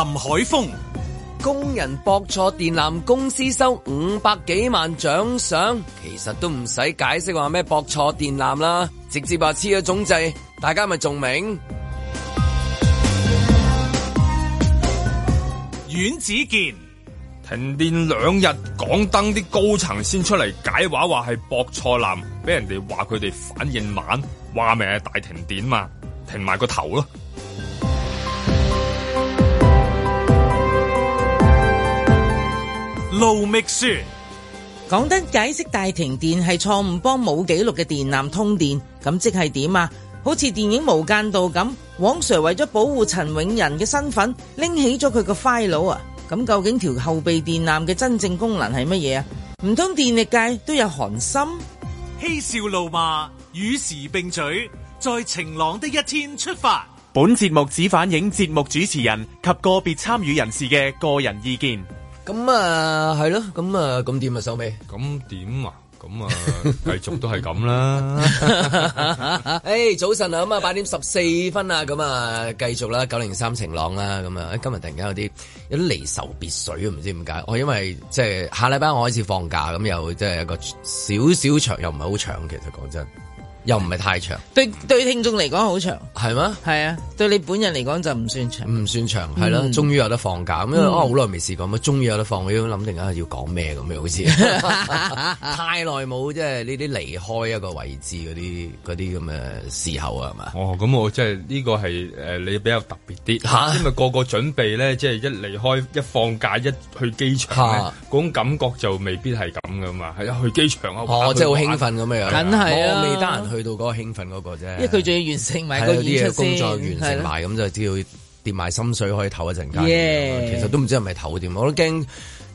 林海峰，工人駁錯電纜公司收五百幾萬獎賞，其實都唔使解釋話咩駁錯電纜啦，直接話黐咗總掣，大家咪仲明。阮子健，停電兩日，港燈啲高層先出嚟解話，話係駁錯纜，俾人哋話佢哋反應慢，話咪係大停電嘛，停埋個頭咯。路覓說，講得解釋大停電係錯誤，幫冇記錄嘅電纜通電，咁即係點啊？好似電影無間道咁，黃 Sir 為咗保護陳永仁嘅身份，拎起咗佢個 file 啊！咁究竟條後備電纜嘅真正功能係乜嘢啊？唔通電力界都有寒心，嬉笑怒罵，與時並舉，在晴朗的一天出發。本節目只反映節目主持人及個別參與人士嘅個人意見。咁啊，係咯，咁啊，咁點啊，收尾，咁點啊，咁啊，繼 續都係咁啦。誒 ，hey, 早晨啊，咁啊，八點十四分啊，咁啊，繼續啦，九零三晴朗啦，咁啊，今日突然間有啲有啲離愁別緒啊，唔知點解。我因為即係、就是、下禮拜我開始放假，咁又即係有個少少長，又唔係好長，其實講真。又唔係太長，對對聽眾嚟講好長，係咩？係啊，對你本人嚟講就唔算長，唔算長，係咯、嗯。終於有得放假，咁因為我好耐未試過，咁啊終於有得放假，我喺度諗定下要講咩咁樣好似， 太耐冇即係呢啲離開一個位置嗰啲嗰啲咁嘅時候啊，係嘛？哦，咁、哦、我即係呢個係誒你比較特別啲嚇、啊，因為個個準備咧即係一離開一放假一去機場咧，嗰、啊、種感覺就未必係咁噶嘛。係啊，去機場啊，真即係好興奮咁樣，梗、哦、未去。去到嗰個興奮嗰個啫，因為佢仲要完成埋啲嘢，工作完成埋咁就知要跌埋心水可以唞一陣間。Yeah. 其實都唔知係咪唞掂，我都驚。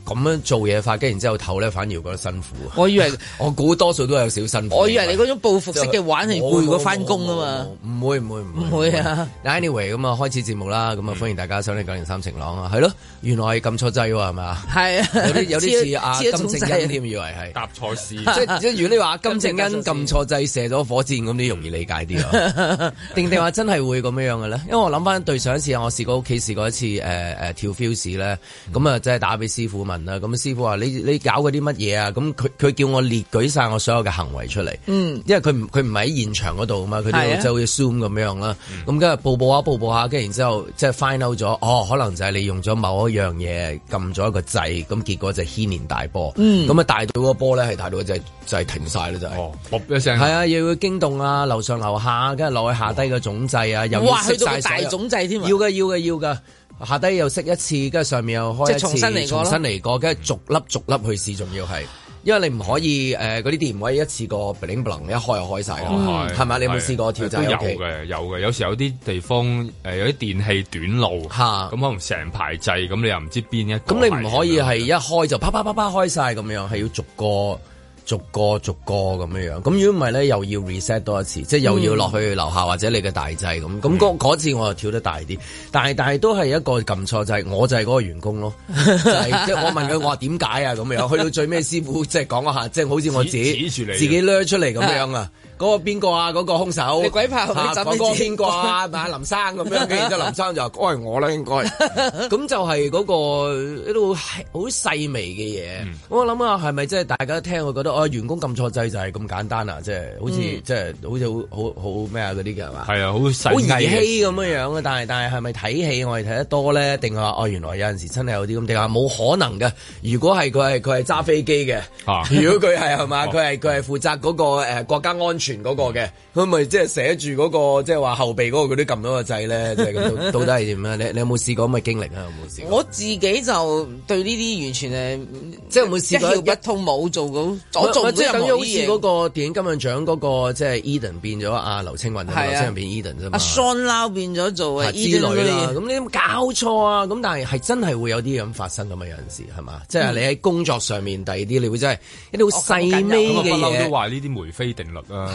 咁樣做嘢法，跟然之後頭咧反而覺得辛苦。我以為 我估多數都有少辛苦。我以為你嗰種報復式嘅玩係攰過翻工啊嘛。唔會唔會唔會，唔會啊。唔會 Anyway，咁啊開始節目啦。咁、嗯、啊歡迎大家收聽九零三晴朗啊。係咯、嗯，原來係撳錯掣喎，係嘛？係啊，有啲有啲似阿金正恩添，以為係搭錯事。 即即如果你話金正恩撳錯掣射咗火箭咁，你容易理解啲啊。嗯、 定定話真係會咁樣樣嘅咧？因為我諗翻對上一次我試過屋企試過一次誒誒、呃、跳 fuse 咧、嗯，咁啊真係打俾師傅啊嘛。咁師傅話：你你搞嗰啲乜嘢啊？咁佢佢叫我列舉晒我所有嘅行為出嚟。嗯，因為佢唔佢唔喺現場嗰度啊嘛，佢就好似 Zoom 咁樣啦。咁跟住步步下步步下，跟住然之後即係、就是、find out 咗。哦，可能就係你用咗某一樣嘢，撳咗一個掣，咁結果就牽連大波。嗯，咁啊，大到個波咧係大到就就係停晒啦，就係、是。哦，噏一聲。係啊，又要驚動啊，樓上樓下，跟住落去下低個總掣啊，又要熄曬哇！去到大總掣添要嘅、啊、要嘅要嘅。要下低又熄一次，跟住上面又開一次，即重新嚟過，跟住、嗯、逐粒逐粒去試，仲要係，因為你唔可以誒嗰啲電位一次過 b i n m b l o n 一開就開晒，係、哦、咪、嗯？你有冇試過跳閘？有嘅有嘅，有時有啲地方誒、呃、有啲電器短路，吓咁可能成排掣。咁、嗯嗯、你又唔知邊一咁你唔可以係一開就啪啪啪啪開晒咁樣，係要逐個。逐個逐個咁樣樣，咁如果唔係咧，又要 reset 多一次，即、嗯、係又要落去樓下或者你嘅大掣咁，咁嗰、嗯、次我又跳得大啲，但係但都係一個撳錯，就係、是、我就係嗰個員工咯，即、就、係、是、 我問佢我話點解啊咁樣，去到最尾師傅即係、就是、講一下，即、就、係、是、好似我自己自己 l r 出嚟咁樣啊。 嗰、那個邊個啊？嗰、那個兇手，鬼拍嗰、啊那個邊個邊個啊？林生咁樣，跟 住林生就話：，該、 哎、我啦，應該。咁 就係嗰、那個一好細微嘅嘢、嗯。我諗下係咪即係大家聽佢覺得，哦、啊，員工撳錯掣就係咁簡單啊？即、就、係、是、好似即係好似好好咩啊？嗰啲嘅係嘛？係啊，好細好危機咁樣樣啊！但係但係係咪睇戲我係睇得多咧？定係話哦，原來有陣時真係有啲咁？定係冇可能嘅？如果係佢係佢係揸飛機嘅、啊，如果佢係係嘛？佢係佢係負責嗰、那個、啊、國家安全。全、那、嗰個嘅，佢咪即係寫住嗰、那個即係話後備嗰、那個嗰啲撳到個掣咧，即 係到底係點樣？你你有冇試過咁嘅經歷啊？有冇試過？我自己就對呢啲完全誒，即係冇試過一竅不通，冇做到，我做咗即係好似嗰個電影金像獎嗰個，即、就、係、是、Eden 變咗阿劉青雲，係啊，Eden 變 Eden 啫嘛。阿 Sean Lau 變咗做啊，之類啦。咁呢啲搞錯啊，咁但係係真係會有啲咁發生咁嘛？有陣時係嘛？即係、嗯就是、你喺工作上面第二啲，你會真係一啲好細微嘅嘢。咁啊，不嬲都話呢啲梅菲定律啊。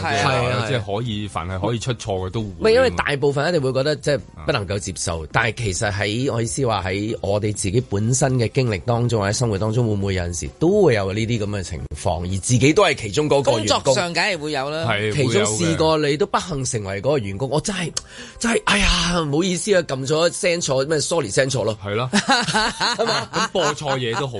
係啊，即係、啊就是、可以，啊、凡係可以出錯嘅都會。唔係，因為大部分一定會覺得即係、就是、不能夠接受。啊、但係其實喺我意思話喺我哋自己本身嘅經歷當中，或者生活當中，會唔會有陣時都會有呢啲咁嘅情況，而自己都係其中嗰個員工。工作上梗係會有啦，係，其中試過你都不幸成為嗰個員工，我真係真係，哎呀，唔好意思啊，撳咗 send 錯，咩 sorry send 錯咯，係咯、啊，咁 不是 播錯嘢都好。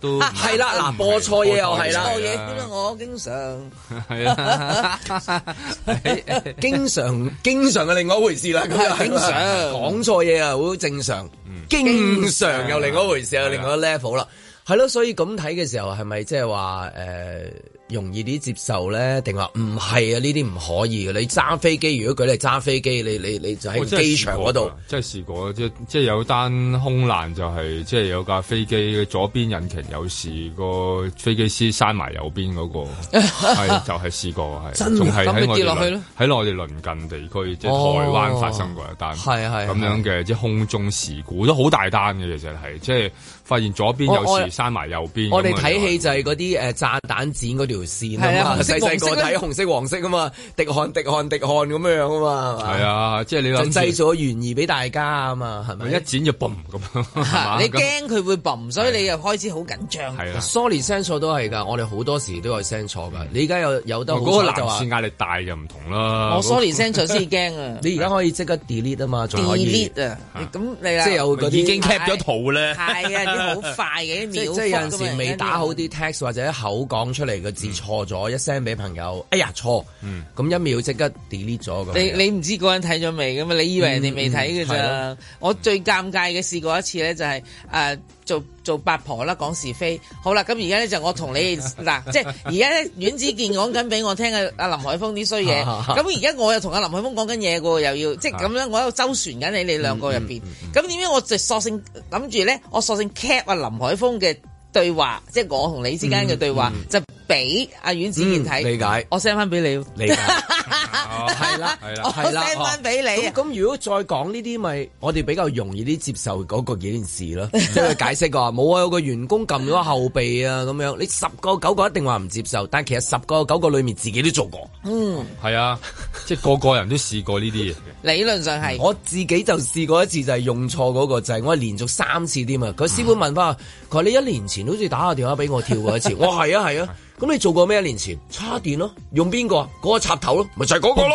係、啊、啦，嗱，播錯嘢又係啦，錯嘢因為我經常係啊， 經常經常係另外一回事啦，經常講錯嘢啊好正常，經常又另外一、， 嗯、一回事，又另外、嗯、一 level 啦，係咯，所以咁睇嘅時候係咪即係話誒？是容易啲接受咧？定話唔係啊？呢啲唔可以嘅。你揸飛機，如果佢哋揸飛機，你你你就喺機場嗰度，真、哦、係試過即係有單空難、就係，就係即係有架飛機左邊引擎有事，個飛機師閂埋右邊嗰、嗰個，係 就係、係、試過，係、 就係、真係咁咪跌落去咯？喺內地鄰近，近地區即係台灣發生過一單，咁樣嘅即係空中事故都好大單嘅其實係即係。發現左邊有時閂埋右邊。我哋睇戲就係嗰啲誒炸彈剪嗰條線啊嘛，細細個睇紅色黃色啊嘛，滴汗滴汗滴汗咁樣啊嘛。係啊，即係你話製造個懸疑俾大家啊嘛，係咪？一剪就冚咁，你驚佢會冚，所以你又開始好緊張。Sony send 錯都係㗎，我哋好多時都有 send 錯㗎。你而家有有得我嗰個藍線壓力大就唔同啦。我 Sony send 錯先驚啊！你而家可以即刻 delete 啊嘛，仲可 delete 啊！咁你即係已經 cap 咗圖咧。係啊！好快嘅，一秒，即係有陣時未打好啲 text 或者口講出嚟嘅字錯咗、嗯、一聲俾朋友，哎呀錯，咁、嗯、一秒即刻 delete 咗。咁你你唔知嗰個人睇咗未㗎嘛，你以為人哋未睇嘅咋？嗯嗯、我最尷尬嘅試過一次咧、就係，就、uh, 係做做八婆啦，講是非。好啦，咁而家咧就我同你嗱， 即係而家咧，阮子健講緊俾我聽啊，阿林海峰啲衰嘢。咁而家我又同阿林海峰講緊嘢噶，又要 即係咁樣， 樣，我喺度周旋緊你哋兩個入邊。咁點解我就索性諗住咧，我索性 cap 阿林海峰嘅對話，即係我同你之間嘅對話 就。俾阿阮子健睇、嗯，理解，我 send 翻俾你，理解，係 啦，係啦， 啦，我 send 翻俾你、啊。咁、哦、如果再講呢啲，咪我哋比較容易啲接受嗰個件事咯。即 係解釋過話，冇啊，有個員工撳咗後備啊，咁樣，你十個九個一定話唔接受，但係其實十個九個裏面自己都做過。嗯，係 啊，即係個個人都試過呢啲嘢。理論上係，我自己就試過一次，就係、是、用錯嗰、那個係、就是、我係連續三次添啊。佢、嗯、師傅問翻。佢話你一年前好似打個電話俾我跳過一次，我係啊，係啊，咁 你做過咩？一年前叉電咯、啊，用邊個？嗰、那個插頭、啊、個咯，咪就係嗰個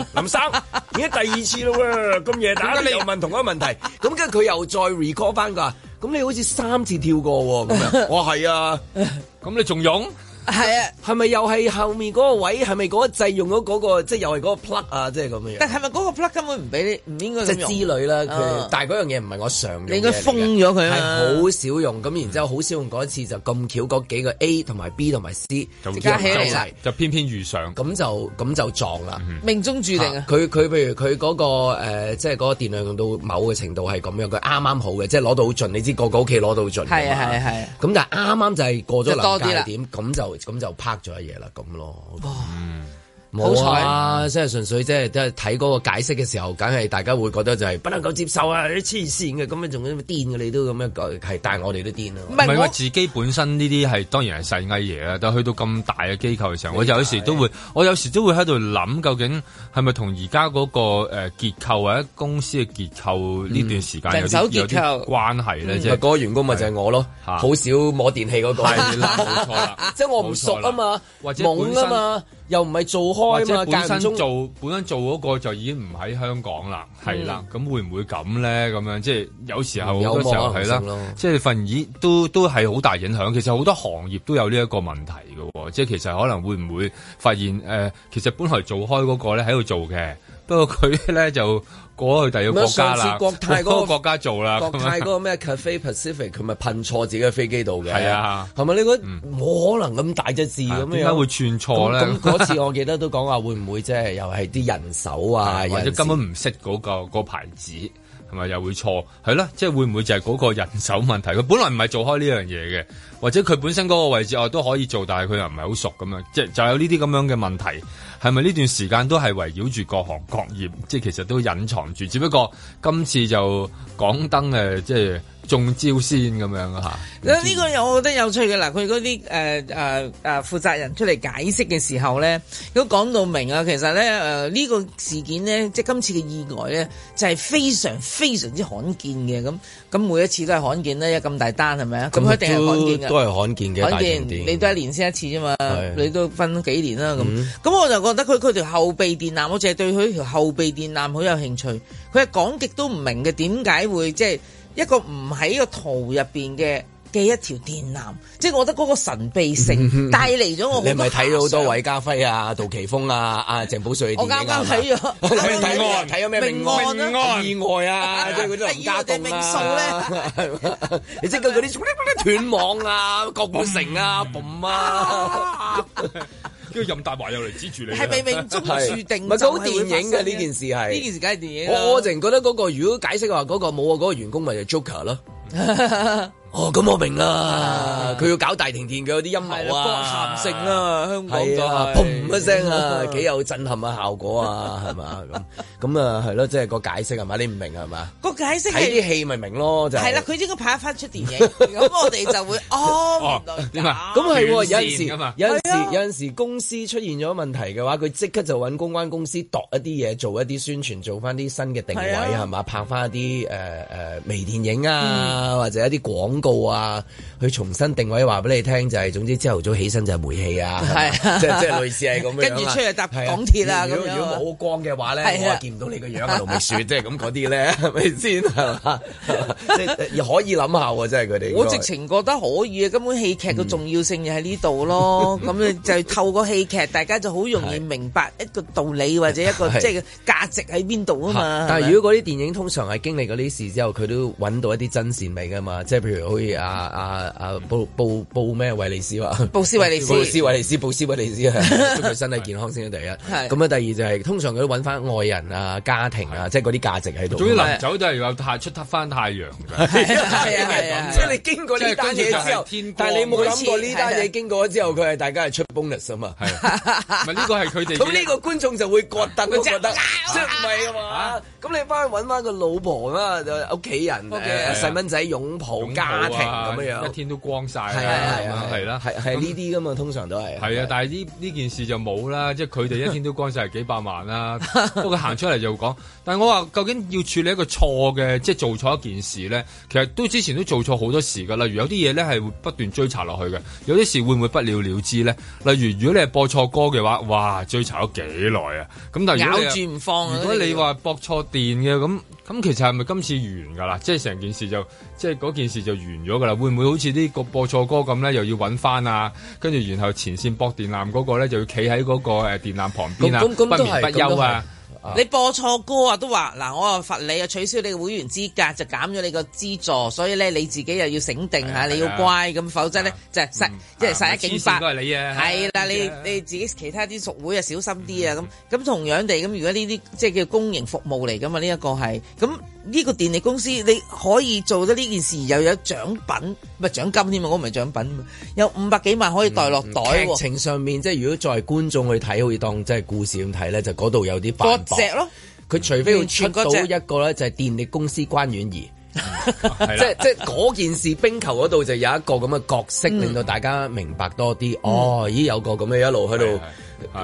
咯。林生，而家第二次咯喎，咁夜打啦，你又問同一個問題，咁跟住佢又再 record 翻㗎。咁你好似三次跳過喎、哦，樣 我係啊，咁你仲用？係啊，係咪又係後面嗰個位？係咪嗰個掣用咗嗰個，即係又係嗰個 plug 啊？即係咁樣。但係咪嗰個 plug 根本唔俾你唔應該咁用即之類啦，嗯，但係嗰樣嘢唔係我常用。你應該封咗佢啊。好少用，咁然之後好少用嗰一次就咁巧，嗰幾個 A 同埋 B 同埋 C 就起就就就偏偏遇上，咁就咁就撞啦，命中注定啊！佢佢譬如佢嗰個誒，即係嗰個電量用到某個程度係咁樣，佢啱啱好嘅，即係攞到好盡，你知個個屋企攞到好盡。係啊係啊係啊。咁、啊啊、但係啱啱就係過咗臨界點，咁就就。咁就拍咗一嘢啦，咁咯。Oh. 冇錯啊！即係純粹即係即係睇嗰個解釋嘅時候，梗係大家會覺得就係不能夠接受啊！你黐線嘅，咁樣仲咁樣癲嘅，你都咁樣講係，但係我哋都癲囉。唔係話自己本身呢啲係當然係細藝嘢啦，但去到咁大嘅機構嘅時候，我有時都會，我有時都會喺度諗，究竟係咪同而家嗰個誒結構或者公司嘅結構呢段時間有啲、嗯、有啲關係咧、嗯？即係、嗯那個員工咪就係我咯，好、啊、少摸電器嗰個， 即係我唔熟啊嘛，懵啊嘛。又唔係做開嘛？即係本身做本身做嗰個就已經唔喺香港啦，係、嗯、啦。咁會唔會咁咧？咁樣即係有時候好、嗯、多時候係啦。即係份影都都係好大影響。其實好多行業都有呢一個問題嘅。即係其實可能會唔會發現誒、呃，其實本來做開嗰個咧喺度做嘅。不過佢咧就過咗去第二個國家啦，那個。上次國泰嗰個國家做啦，國泰嗰個咩 Cafe Pacific 佢咪噴錯自己嘅飛機度嘅？係啊，係咪你覺得冇，嗯，可能咁大隻字咁樣？點、啊、解會串錯咧？咁嗰次我記得都講話會唔會即係又係啲人手啊， 或者根本唔識嗰、那個、那個牌子，係咪又會錯？係咯，即、就、係、是、會唔會就係嗰個人手問題？佢本來唔係做開呢樣嘢嘅，或者佢本身嗰個位置我都可以做，但係佢又唔係好熟咁樣，即係就有呢啲咁樣嘅問題。係咪呢段時間都係圍繞住各行各業，即係其實都隱藏住，只不過今次就講燈誒，即係中招先咁樣啊！呢、這個有我覺得有趣嘅嗱，佢嗰啲誒誒誒負責人出嚟解釋嘅時候咧，如果講到明啊。其實咧誒呢、呃這個事件咧，即係今次嘅意外咧，就係、是、非常非常之罕見嘅。咁咁每一次都係罕見啦，有咁大單係咪啊？咁一定係罕見嘅，都係罕見嘅。罕見，你都一年先一次啫嘛？你都分幾年啦？咁咁、嗯、我就覺得佢佢條後備電纜，我淨係對佢條後備電纜好有興趣。佢係講極都唔明嘅點解會即係。就是一個唔喺個圖入面嘅嘅一條電纜，即係我覺得嗰個神秘性帶嚟咗我多你是是多。你咪睇咗好多韋家輝啊、杜琪峰啊、啊、鄭保瑞啲、啊、我啱啱睇咗。睇睇咗咩？命案， 案、案啊，意外啊， 即係嗰命架構啦。你即係嗰啲咩斷網啊、國 古成啊、咁啊。 跟住任大華又嚟指住你，係咪命中注定係係，唔係好電影嘅呢件事係，呢件事梗係電影。我淨係覺得嗰個如果解釋話，嗰個冇啊，嗰個員工咪就係 Joker 咯。 哦，咁我明啦，佢、啊、要搞大停電，嘅有啲陰謀啊，咸食啊、那個、啊，香港就嘭一聲啊，幾、啊、有震撼嘅效果啊，係嘛咁咁啊，係咯，即係個解釋係嘛，你唔明係嘛？個解釋睇啲戲咪明咯，就係啦，佢、啊、應該拍翻出電影，咁 我哋就會哦，咁、哦、係、哦啊啊，有陣時有陣時、啊、有陣時公司出現咗問題嘅話，佢即刻就揾公關公司度一啲嘢，做一啲宣傳，做翻啲新嘅定位係嘛、啊，拍翻一啲誒誒微電影啊，嗯、或者一啲廣。告啊！佢重新定位話俾你聽，就係啊啊，就係總之朝頭早起身就係煤氣啊，即係即係類似係咁樣。跟住出去搭港鐵啊，啊，如果冇光嘅話咧、啊，我係見唔到你個樣喺度咪說啫，咁嗰啲咧係咪先係可以諗下喎，真係佢哋。我直情覺得可以啊，根本戲劇嘅重要性就喺呢度咯。咁、嗯、 就透過戲劇，大家就好容易明白一個道理、啊、或者一個即係價值喺邊度啊嘛。啊但係如果嗰啲電影通常係經歷嗰啲事之後，佢都揾到一啲真善美噶嘛，即係譬如。會啊啊啊，布布布咩？斯話、啊，布斯維利斯，斯維利斯，布斯維利斯，斯，斯， 斯，斯，斯，斯啊！ 身體健康先第一。咁啊，第二就係通常佢都揾翻愛人啊、家庭啊，即係嗰啲價值喺度。走都係話出得翻太陽。係即係你經過呢單嘢之後，但係你冇諗過呢單嘢經過咗之後，佢係大家係出 bonus 啊嘛。呢個係佢哋？咁呢個觀眾就會覺得覺得，即係唔係嘛？咁你翻去揾翻個老婆啦，就屋企人、細蚊仔擁抱家。咁樣一天都光晒，啊，係啊係啊係啦，係係呢啲噶嘛，通常都係。係啊，啊，啊，但係呢呢件事就冇啦，即係佢哋一天都光晒係幾百萬啦，啊。不過行出嚟就講，但係我話究竟要處理一個錯嘅，即係做錯一件事咧，其實都之前都做錯好多事噶。例如有啲嘢咧係會不斷追查落去嘅，有啲事會唔會不了了之咧？例如如果你係播錯歌嘅話，哇，追查咗幾耐啊！咁但係如果你咬住唔放，啊、如果你播話播錯電嘅咁。咁其實係咪今次完㗎啦？即係成件事就即係嗰件事就完咗㗎啦？會唔會好似啲個播錯歌咁咧？又要搵返啊？跟住然後前線駁電纜嗰個咧就要企喺嗰個誒電纜旁邊啊，不眠不休啊！你播錯歌啊，都話，嗱，我啊罰你啊，取消你嘅會員資格，就減咗你個資助，所以咧你自己又要醒定吓、啊，你要乖，咁、啊、否則咧、啊、就係，即係晒一警百。係你啊。係啦、啊啊，你你自己其他啲熟會啊，小心啲啊，咁咁同樣地，咁如果呢啲即係叫公營服務嚟噶嘛，呢、這、一個係咁呢個電力公司，你可以做得呢件事，又有獎品，咪獎金添嘛，我唔係獎品，有五百幾萬可以袋落袋。嗯嗯、情上面即係如果作為觀眾去睇，可以當即係故事咁睇咧，就嗰度有啲。只、哦、咯，佢除非要出到一個咧，就係電力公司關婉儀，即係即係嗰件事，冰球嗰度就有一個咁嘅角色、嗯，令到大家明白多啲、嗯。哦，咦，有個咁嘅一路喺度。是的是的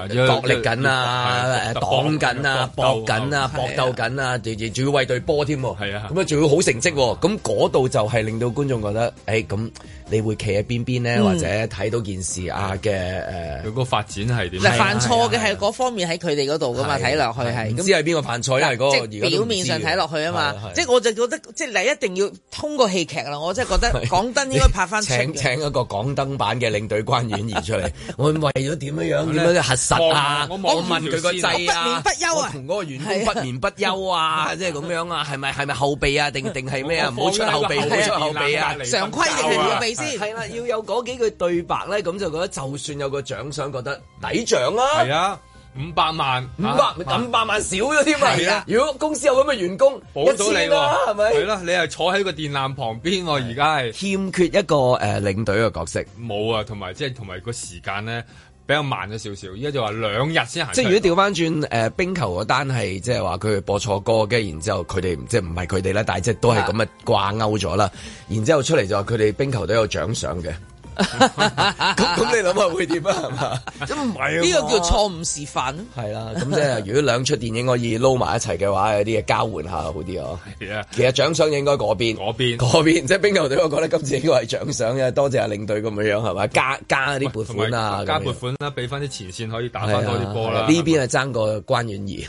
角力緊啊，誒擋緊啊，搏緊啊，搏鬥緊啊，仲仲仲要為隊波添喎，係啊，咁啊仲要好成績喎，啊，咁嗰度就係令到觀眾覺得，誒咁、啊欸、你會企喺邊邊呢？嗯」或者睇到件事啊嘅誒，佢個發展係點樣？啊啊？犯錯嘅係嗰方面喺佢哋嗰度㗎嘛，睇落、啊、去係，咁，唔知係邊個犯錯咧？嗰、那個、即表面上睇落去啊嘛，即係我就覺得，即係你一定要通過戲劇啦，我真係覺得港燈應該拍翻。請請一個港燈版嘅領隊官員而出嚟，我為咗點樣。核實啊！我，我問佢個仔不眠不休啊，同嗰、啊、個員工不眠不休啊，即係咁樣啊，係咪係咪後備啊，定定係咩啊？唔好出後備，唔好、啊、出後備啊！啊常規定係後備先？係啦、啊啊啊，要有嗰幾句對白咧，咁就覺得就算有個獎賞，覺得抵獎啦。係啊，五百、啊、萬，五百五百萬少咗添啊，啊，啊，啊！如果公司有咁嘅員工，保到你喎、啊！係咪、啊？係啦、啊、你係坐喺個電纜旁邊、啊，我而家係欠缺一個誒、呃、領隊嘅角色。冇啊，同埋即係同埋個時間咧。比較慢咗少少，依家就話兩日先行。即係如果調翻轉，誒、呃、冰球嗰單係即係話佢哋播錯歌，跟住然之後佢哋即係唔係佢哋啦，但係即係都係咁啊掛鈎咗啦。然之後出嚟就話佢哋冰球都有獎賞嘅。咁咁你諗下會點啊？係 嘛那？唔係呢個叫做錯誤示範。係 啦、啊，咁即係如果兩出電影可以撈埋一齊嘅話，有啲嘢交換下好啲哦。 其實獎賞應該嗰邊，嗰 邊，邊 即係冰球隊，我覺得今次應該係獎賞嘅，多謝阿領隊咁樣樣係咪，加加啲撥款啦，加撥款啦，俾翻啲前線可以打翻多啲波啦。呢、啊啊啊啊、邊係爭個關婉儀。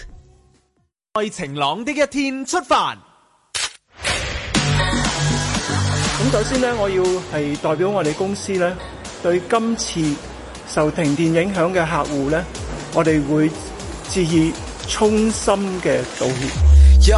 在晴朗的一天出發。首先咧，我要係代表我哋公司咧，對今次受停電影響嘅客戶咧，我哋會致以衷心嘅道歉。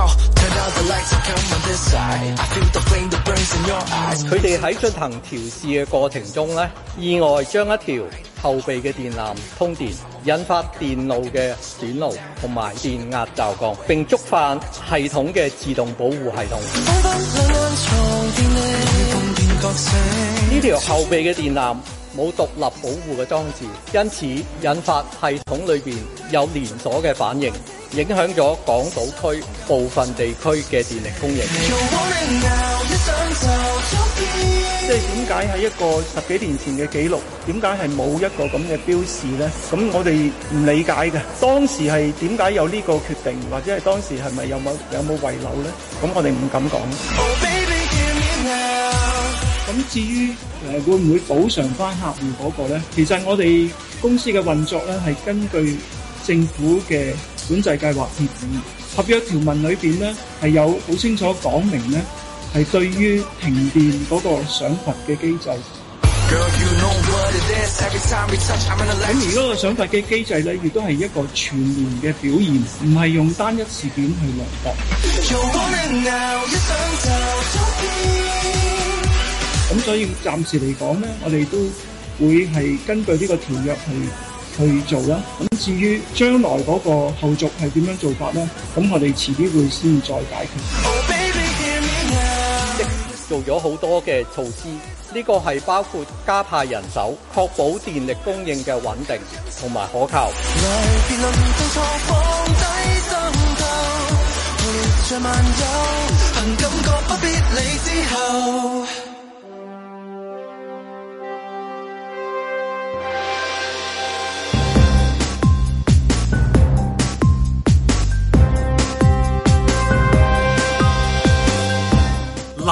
佢哋喺進行調試嘅過程中咧，意外將一條。後備嘅電纜通電，引發電路嘅短路，同埋電壓驟降，並觸犯系統嘅自動保護系統。呢條後備嘅電纜冇獨立保護嘅裝置，因此引發系統裏邊有連鎖嘅反應。影響咗港島區部分地區嘅電力供應，即係點解喺一個十幾年前嘅記錄，點解係冇一個咁嘅標示咧？咁我哋唔理解嘅。當時係點解有呢個決定，或者係當時係咪有冇有冇遺漏咧？咁我哋唔敢講。咁至於誒會唔會補償翻客戶嗰個咧？其實我哋公司嘅運作咧係根據政府嘅。管制計劃協議合約條文裏邊咧，係有好清楚講明咧，係對於停電嗰個償罰嘅機制。咁而嗰個償罰嘅機制咧，亦都係一個全年嘅表現，唔係用單一事件去來博。咁所以暫時嚟講咧，我哋都會係根據呢個條約去。去做啦。咁至於將來嗰個後續係點樣做法呢？咁我哋遲啲會先再，再解決。即、oh，做咗好多嘅措施，呢、呢個係包括加派人手，確保電力供應嘅穩定同埋可靠。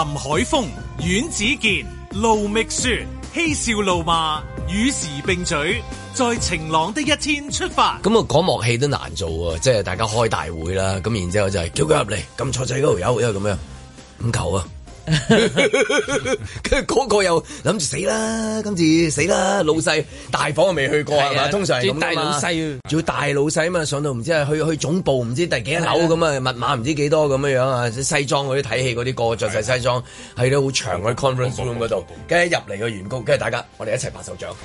林海峰、阮子健、盧覓雪嬉笑怒罵，與時並舉，在晴朗的一天出發。咁啊，講幕戲都難做啊，即係大家開大會啦，咁然之後就係叫佢入嚟，撳、嗯、錯掣嗰條友，因為咁樣唔求啊。跟住嗰個又諗住死啦，今次死啦，老細大房我未去過係嘛、啊，通常做大老細，仲要大老細啊嘛，上到唔知係去去總部，唔知第幾樓咁啊，密碼唔知幾多咁樣樣啊，西裝嗰啲睇戲嗰啲個着晒西裝，喺啲好長嘅 conference room 嗰度，跟住入嚟嘅員工，跟住大家，我哋一齊拍手掌，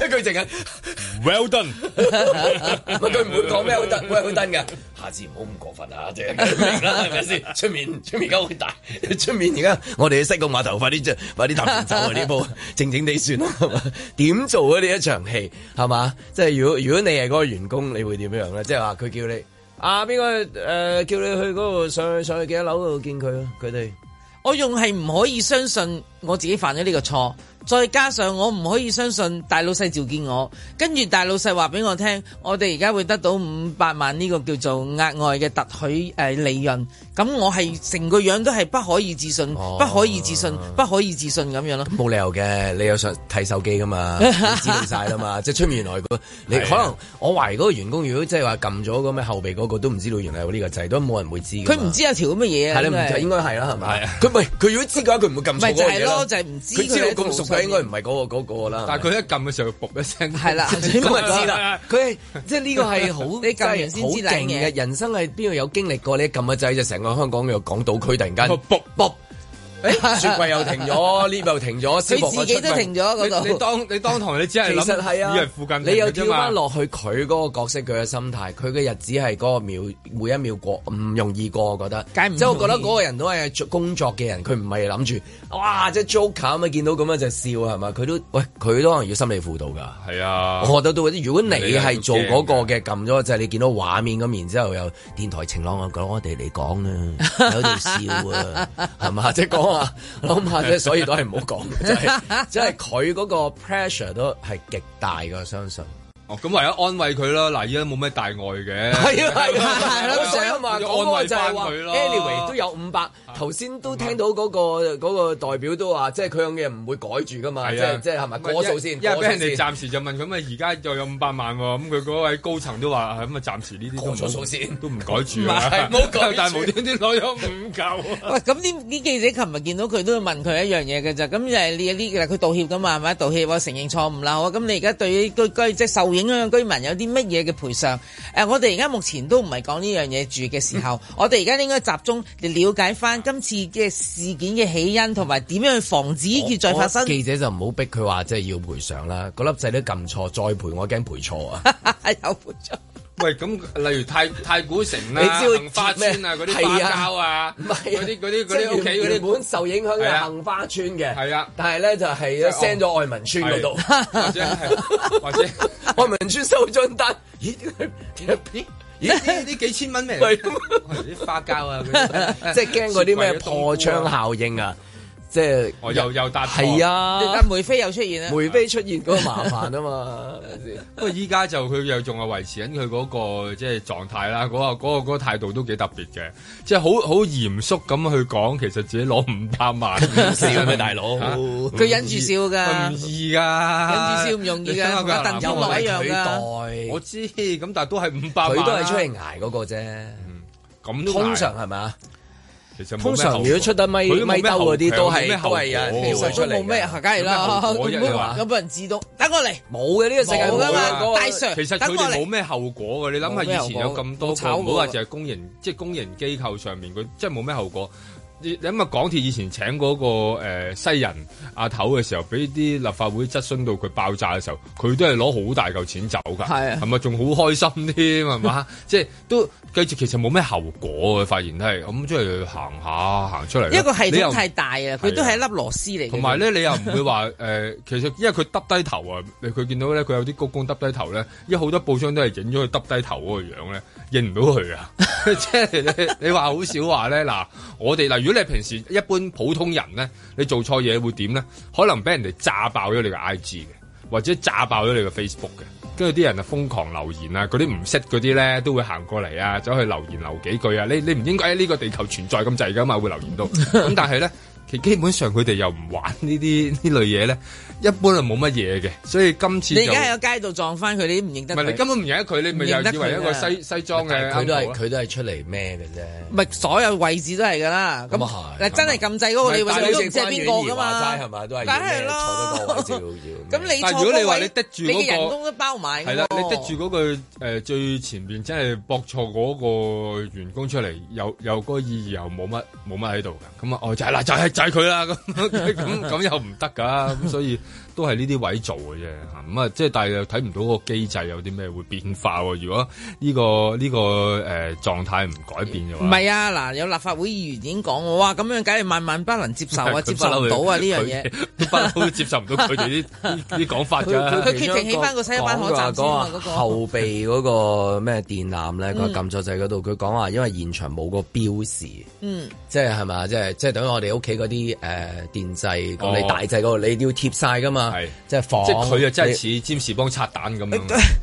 一句剩啊，well done，佢 唔 會講咩好登， 會唔會登噶？下次唔好咁過分啊！即係明啦，係咪先？出 面出 面而家好大，出面而家我哋要塞個碼頭，快啲即快啲搭船走啊！呢 部靜靜地算啦，點 做啊？呢一場戲係嘛？即係如果如果你係嗰個員工，你會點樣咧？即係話佢叫你啊，邊個誒叫你去嗰個上，上去上去幾多樓度見佢咯？佢哋我用係唔可以相信我自己犯咗呢個錯。再加上我唔可以相信大老細召見我，跟住大老細話俾我聽，我哋而家會得到五百萬呢個叫做額外嘅特許誒利潤，咁我係成個樣都係不可以置信、哦、信，不可以置信，不可以置信咁樣咯。冇理由嘅，你有想睇手機噶嘛？你知道晒啦嘛？ 即出面原來個， 你可能我懷疑嗰個員工，如果即係話撳咗個咩後備嗰、嗰個，都唔知道原來有呢個掣，都冇人會知。佢唔知有條咁嘅嘢你係啦，應該係啦，係咪？佢唔佢如果知嘅話，佢唔會撳錯咯。 就係、是、唔、就是、知佢 佢應該唔係嗰個嗰、嗰個啦、嗰個，但佢一撳嘅時候，卜一聲，係啦，咁 就知啦。佢 即係呢個係好，你教完先知勁嘅。 人生係邊度有經歷過，你一撳一掣就成個香港嘅港島區突然間卜卜。 雪櫃又停咗，lift 又停咗，你 自己都停咗度、那個。你當你當堂、啊、你只係諗，只附近你又跳翻落去佢嗰個角色，佢嘅心態，佢嘅日子係嗰個秒每一秒過唔容易過，我覺得即係、就是、覺得嗰個人都係工作嘅人，佢唔係諗住哇，即係 joker 啊見到咁樣就笑係嘛，佢都喂佢都可能要心理輔導㗎，係啊，我覺得都嗰如果你係做嗰、那個嘅撳咗，就係、是、你見到畫面咁，然之後又電台晴朗我哋嚟講啊，有條笑啊，係嘛即講。就是那個諗下啫，所以都係唔好講。即係，即係佢嗰個 pressure 都係極大㗎，我相信。哦，咁唯有安慰佢啦。嗱，依家冇咩大礙嘅。係啊，係啊，係啦，成日都話安慰翻佢咯。Anyway，都有五百。頭先都聽到嗰個嗰個代表都話，即係佢樣嘢唔會改住噶嘛。係啊，即係係咪過數先？因為俾人哋暫時就問佢啊，而家又有五百萬喎。咁佢嗰位高層都話，咁啊暫時呢啲過錯數先都唔改住啦。唔係，冇講。但係無端端攞咗五嚿。喂，咁啲啲記者琴日見到佢都問佢一樣嘢嘅咋。咁誒，你啲佢道歉噶嘛？係咪道歉？我承認錯誤啦。好，咁你而家對於於即係受影響居民有啲乜嘢嘅賠償？誒、呃，我哋而家目前都唔係講呢樣嘢住嘅時候，嗯、我哋而家應該集中嚟了解翻今次嘅事件嘅起因同埋點樣去防止佢再發生。那個、記者就唔好逼佢話即係要賠償啦，嗰粒掣都撳錯再賠，我驚賠錯啊， 又賠錯。喂，咁例如太太古城、啊、你知、杏花村啊嗰啲啊，花膠啊，嗰啲嗰啲嗰啲屋企嗰啲本受影響嘅杏花村嘅，係啊，但係咧就係 send 咗愛民村嗰度，或者或者愛民村收張單，咦？咦？咦？呢啲幾千蚊咩嚟？啲花膠啊，即係驚嗰啲咩破窗效應啊！即係、哦，又又搭，係啊，但梅飛又出現啦，梅飛出現嗰個麻煩啊嘛。不過依家就佢又仲係維持緊佢嗰個即係狀態啦，嗰、即係嗰個嗰、嗰個嗰個態度都幾特別嘅，即係好好嚴肅咁去講，其實自己攞五百萬死咗咩大佬，佢忍住笑噶，唔易噶，忍住笑唔容易噶，同鄧友龍一樣我知，咁但係都係五百萬，佢、嗯啊、都係出去挨嗰個啫。咁、嗯、通常係咪啊？通常如果出得咪咪兜嗰啲都係，都係，其實都冇咩，梗係啦。有冇人知道？等我嚟，冇嘅呢個世界，冇嘅嘛。大常，等我嚟，其實佢哋冇咩後果嘅。你諗下，以前有咁多，唔好話就係公營，即係公營機構上面，佢即係冇咩後果。你諗下港鐵以前請嗰個誒、呃、西人阿頭嘅時候，俾啲立法會質詢到佢爆炸嘅時候，佢都係攞好大嚿錢走噶，係咪仲好開心添？係 嘛，即係都繼續，其實冇咩後果佢發現都係咁，出嚟行下，行出嚟。一個系統太大啊，佢都係一粒螺絲嚟。同埋咧，你又唔、啊、會話誒、呃，其實因為佢耷低頭啊，佢 見到咧，佢有啲高官耷低頭咧，因為好多報章都係影咗佢耷低頭嗰個樣咧，認唔到佢啊。 即， 係 你，你話話好少話咧，嗱，我哋嗱如果你平時一般普通人咧，你做錯嘢會點咧？可能俾人哋炸爆咗你個 I G 嘅，或者炸爆咗你個 Facebook 嘅，跟住啲人啊瘋狂留言啊，嗰啲唔識嗰啲咧都會行過嚟啊，走去留言留幾句啊，你你唔應該喺呢、哎呢個地球存在咁滯噶嘛，會留言到咁，但係咧，其基本上佢哋又唔玩呢啲呢類嘢咧。一般係冇乜嘢嘅，所以今次你而家喺個街度撞翻佢，你唔認得。唔係你根本唔認得佢，你咪又以為一個西西裝嘅，佢都係佢都係出嚟咩嘅啫。唔係所有位置都係噶啦，咁嗱真係㩒掣嗰個你搵咗都唔知係邊個噶嘛。梗係咯，坐到個照要。咁你，但如果你話你得住嗰個，你嘅人工都包埋。係啦，你得住嗰個誒最前面，真係駁錯嗰個員工出嚟，有有個意義又冇乜冇乜喺度噶。咁啊哦就係嗱就係就係佢啦咁咁咁又唔得噶，咁所以。都係呢啲位做嘅啫，咁啊，即係但係又睇唔到個機制有啲咩會變化喎。如果呢、呢個呢、呢個、呃、狀態唔改變嘅話，唔係啊，嗱，有立法會議員已經講，哇，咁樣梗係萬萬不能接受啊，接受唔到啊呢樣嘢，不這個、都接受唔到佢哋啲啲講法嘅、啊。佢決定起返個西灣河站先啊，說說後備嗰個咩電纜咧個撳錯掣嗰度，佢講話因為現場冇個標示，即係係嘛，即、就、係、即係即係、等於我哋屋企嗰啲電掣，咁你大掣嗰個你要貼曬㗎嘛。係，即係放，即係佢又真係似占士幫拆彈咁樣，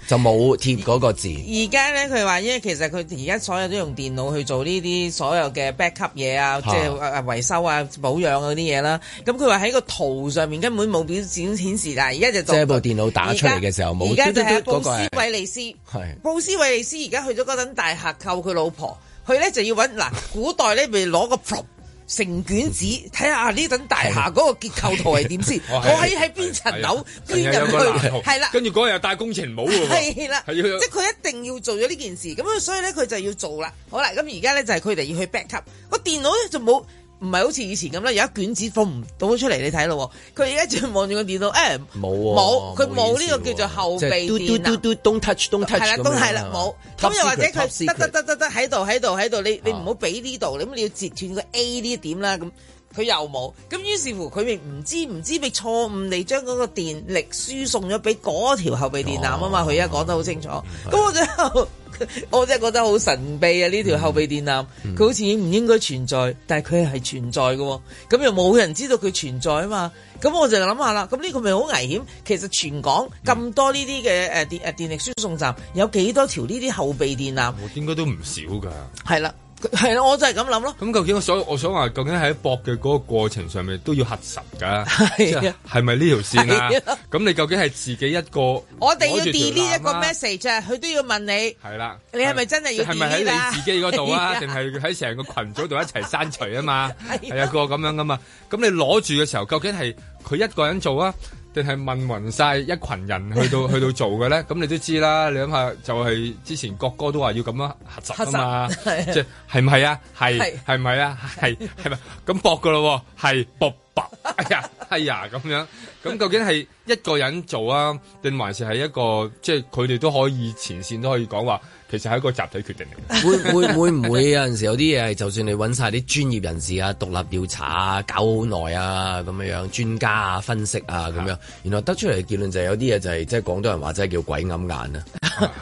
就冇貼嗰個字。而家咧，佢話因為其實佢而家所有都用電腦去做呢啲所有嘅 backup 嘢啊，啊，即係維修啊保養嗰啲嘢啦。咁佢話喺個圖上面根本冇表顯顯示，但係而家就做即部電腦打出嚟嘅時候冇，而家係布斯韋利斯，係布斯韋利斯。而家去咗嗰陣大客救佢老婆，佢咧就要搵，嗱、啊、古代呢邊攞個。 成卷紙，睇下呢棟大廈嗰個結構圖係點先。我喺喺邊層樓捐入去，係啦。跟住嗰日戴工程帽喎。係啦，即係佢一定要做咗呢件事，咁所以咧佢就要做啦。好啦，咁而家咧就係佢哋要去 back up 個電腦咧，就冇。唔係好似以前咁啦，而家卷紙放唔到出嚟，你睇咯。佢而家仲望住個電腦，誒，冇冇，佢冇呢個叫做後後、yup, 備 電。嘟嘟嘟嘟，don't touch，don't touch，係啦、sí,，係啦，冇。咁又感覺或者佢得得得得得喺度喺度喺度，你你唔好俾呢度，咁你要截斷個 A 呢點啦，咁佢又冇。咁於是乎佢咪唔知唔知俾錯誤地將嗰個電力輸送咗俾嗰條後備電纜啊嘛、oh 嗯，佢而家講得好清楚。咁我最後 我真係覺得好神秘啊！呢條後備電纜，佢、嗯、好似唔應該存在，但係佢係存在嘅、哦，咁又冇人知道佢存在啊嘛！咁我就諗下啦，咁呢個咪好危險？其實全港咁多呢啲嘅誒電誒電力輸送站，有幾多條呢啲後備電纜？應該都唔少噶。係啦。係我就係咁諗咯。咁究竟我所我想話，究竟喺搏嘅嗰個過程上面都要核實噶，係咪呢條線啊？咁你究竟係自己一個、啊？我哋要 delete 呢一個 message，佢都要問你。係啦，你係咪真係要 d 係咪喺你自己嗰度啊，定係喺成個群組度一齊刪除啊？嘛係啊個咁樣噶嘛？咁你攞住嘅時候，究竟係佢一個人做啊？定係問勻晒一群人去到 去到做嘅咧，咁你都知啦。你諗下就係、是、之前國哥都話要咁樣核實啊嘛，即係係唔係啊？係係唔係啊？係係咪咁搏嘅咯？係搏搏，哎呀哎呀咁樣。咁究竟係一個人做啊，定還是係一個即係佢哋都可以前線都可以講話，其實係一個集體決定嚟嘅 會會會唔會有陣時有啲嘢就算你搵晒啲專業人士啊、獨立調查啊、搞好耐啊咁樣樣、專家啊分析啊咁樣，原來得出嚟嘅結論就係有啲嘢就係、是、即係廣東人話即係叫鬼揞眼啦。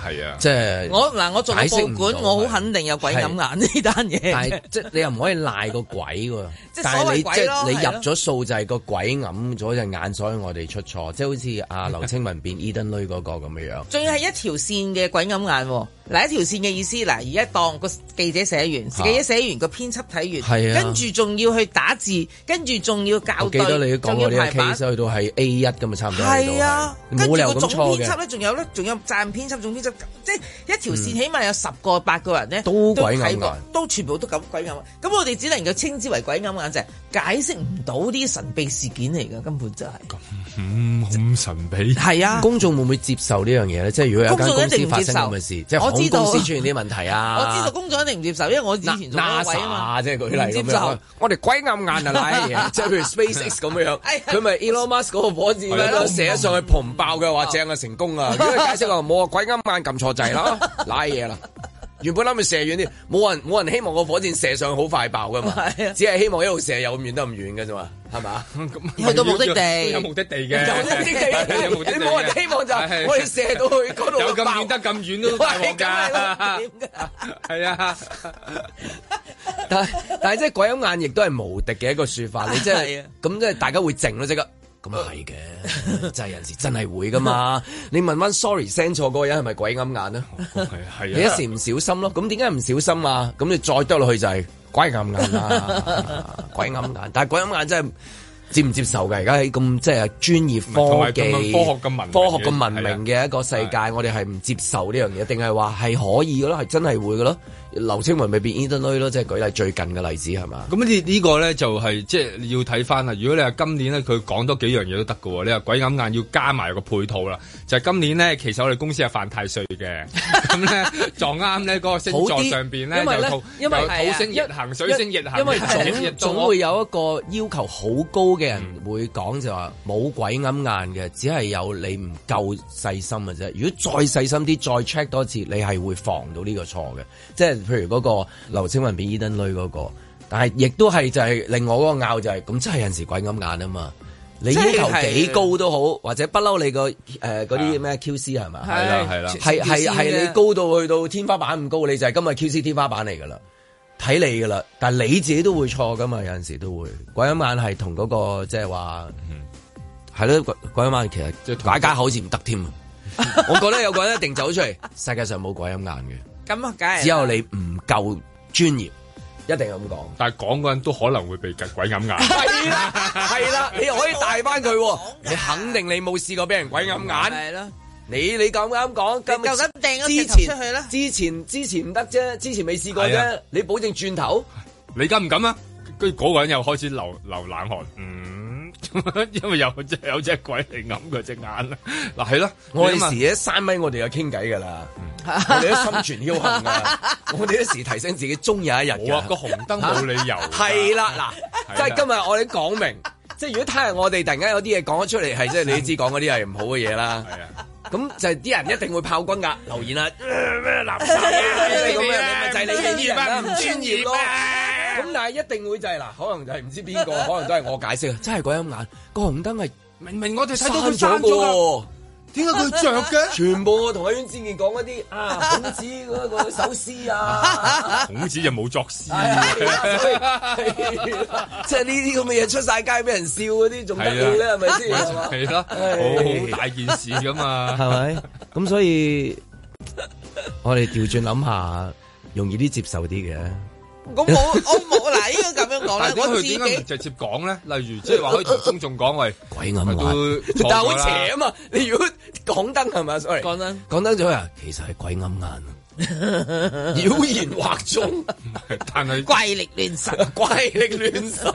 係啊，即係 我嗱，我做個報館，我好肯定有鬼揞眼呢單嘢。但係 即係你又唔可以賴個鬼喎、啊。即係所謂鬼咯，但你，你入咗數就係個鬼揞咗隻眼咗。當我哋出錯，即係好似阿劉青雲變 Edan Lui 嗰個咁嘅樣，仲要係一條綫嘅鬼揞眼。嗱，一條綫嘅意思，嗱，而家當個記者寫完，記者寫完個編輯睇完，完啊、跟住仲要去打字，跟住仲要校對，仲要排版，去到係 A 一咁啊，差唔多。係啊，跟住個總編輯咧，仲有咧，仲有責任編輯總編輯，即係一條綫起碼，起碼有十個八個人咧，都鬼揞眼，都全部都咁鬼揞眼，咁我哋只能夠稱之為鬼揞眼啫。解釋唔到啲神秘事件嚟噶，根本就係咁咁神秘。係啊，公眾會唔會接受呢樣嘢咧？即係如果有間公司發生咁嘅事，我知道即係航空公司出現啲問題啊？我知道公眾一定唔接受，因為我以前做嗰位啊嘛，NASA, 即係舉例咁樣。我哋鬼揞眼啊，拉嘢！即係譬如 SpaceX 咁樣樣，佢 咪 Elon Musk 嗰個火箭咧，寫 上去嘭爆嘅話 正啊，成功啊，如果解釋話冇啊，鬼揞眼撳錯掣啦， 拉嘢啦。原本諗住射遠啲，冇人冇人希望個火箭射上去好快爆噶嘛，啊、只係希望一路射有咁遠得咁遠㗎啫嘛，係嘛？去到目的地 有目的地嘅， 有目的地你冇 的 人希望就我哋射到去嗰度爆，有咁遠得咁遠都大鑊噶，點係啊 但，但係但係即係鬼眼，亦都係無敵嘅一個說法。你即係咁，啊、即係大家會靜咯，即刻。咁啊係嘅，就係有時真係會噶嘛。你問翻，sorry，send 錯嗰個人係咪鬼揞眼咧？係啊，你一時唔小心咯。咁點解唔小心啊？咁你再得落去就係鬼揞眼啦，鬼揞眼。但係鬼揞眼真係接唔接受嘅？而家喺咁即係專業科技、科學咁文、科學咁文明嘅一個世界，我哋係唔接受呢樣嘢，定係話係可以嘅咯？係真係會嘅咯？劉青雲咪變 e t 咯，即係舉例最近嘅例子係嘛？咁呢呢個咧就係即係要睇翻啦。如果你話今年咧，佢講多幾樣嘢都得嘅。你話鬼揞眼要加埋個配套啦，就係、是、今年咧，其實我哋公司係犯太歲嘅。咁咧撞啱呢嗰 個星座上邊咧，有土、啊、土星逆行、水星逆行，因為，因為總逆逆總會有一個要求好高嘅人、嗯、會講就話冇鬼揞眼嘅，只係有你唔夠細心嘅啫。如果再細心啲，再 check 多一次，你係會防到呢個錯嘅，即係。譬如嗰個劉青雲變伊登女嗰個，但係亦都係就係另外嗰個拗就係、是、咁，真係有陣時鬼咁眼啊嘛！你要求幾高都好，或者不嬲你個誒嗰啲咩 QC 係咪？係啦係啦，係係係你高到去到天花板唔高，你就係今日 QC 天花板嚟噶啦，睇你噶啦。但係你自己都會錯噶嘛，有陣時都會鬼咁眼係同嗰、那個即係話，係、就、咯、是嗯、鬼鬼咁眼，其實大家解解好似唔得添。 我覺得有鬼一定走出嚟，世界上冇鬼咁眼嘅。咁啊，梗係只有你唔夠專業，一定咁講。但係講嗰人都可能會被鬼暗眼，係 啦樂， 你又可以帶翻佢。你肯定你冇試過俾人鬼暗眼，係咯、嗯？你你咁啱講，你夠膽掟個鏡頭出去咧？之前之前唔得啫，之前未試過啫，了你保證轉頭？ 你敢唔敢啦，跟住嗰個人又開始流流冷汗。嗯。 因為有隻有隻鬼嚟揞佢隻眼啦，嗱，係啦，我哋時一三米我哋就傾偈噶啦，我哋都心存僥幸噶，我哋一時提醒自己終有一日，冇啊個紅燈冇理由，係啦，嗱，即係今日我哋講明，即係如果睇下我哋突然間有啲嘢講咗出嚟，係即係你知講嗰啲係唔好嘅嘢啦，咁就係啲人一定會炮轟噶，留言咩垃圾咁你咪、啊啊啊、就係、是、你嘅專、啊、業咯。不咁但係一定會就係、是、可能就係唔知邊個，可能都係我解釋啊！真係嗰一眼、嗰個紅燈係明明我哋熄咗咗點解佢着嘅？著 全部我同阿袁子健講嗰啲啊，孔子嗰個首詩啊，孔子就冇作詩 即係呢啲咁嘅嘢出晒街俾人笑嗰啲，仲得意咧係咪先？係咯， 好 好，好大件事噶嘛，係 咪？ 咁所以我哋調轉諗下，容易啲接受啲嘅。我冇，我冇，嗱，應該咁樣講啦。我自己直接講咧，例如即係話可以同公眾講，係鬼暗眼，但係好邪啊嘛！你如果講燈係咪？sorry，講燈，講燈咗呀？其實係鬼暗眼啊！妖言惑眾，但係怪力亂神，怪力亂神。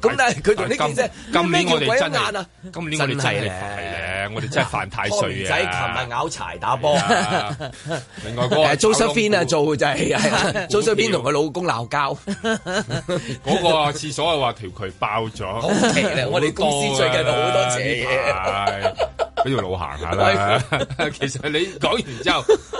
咁但係佢做呢件事咩叫鬼暗眼啊？真係咧。我哋真係犯太歲啊！仔琴日咬柴打波，啊，另外哥，Joey 啊，周啊做嘅就係 Joey 同佢老公鬧交。嗰、 那個廁所又話條渠爆咗。好奇啊！我哋公司最近好多邪嘢，俾條路行下啦。其實你講完之後。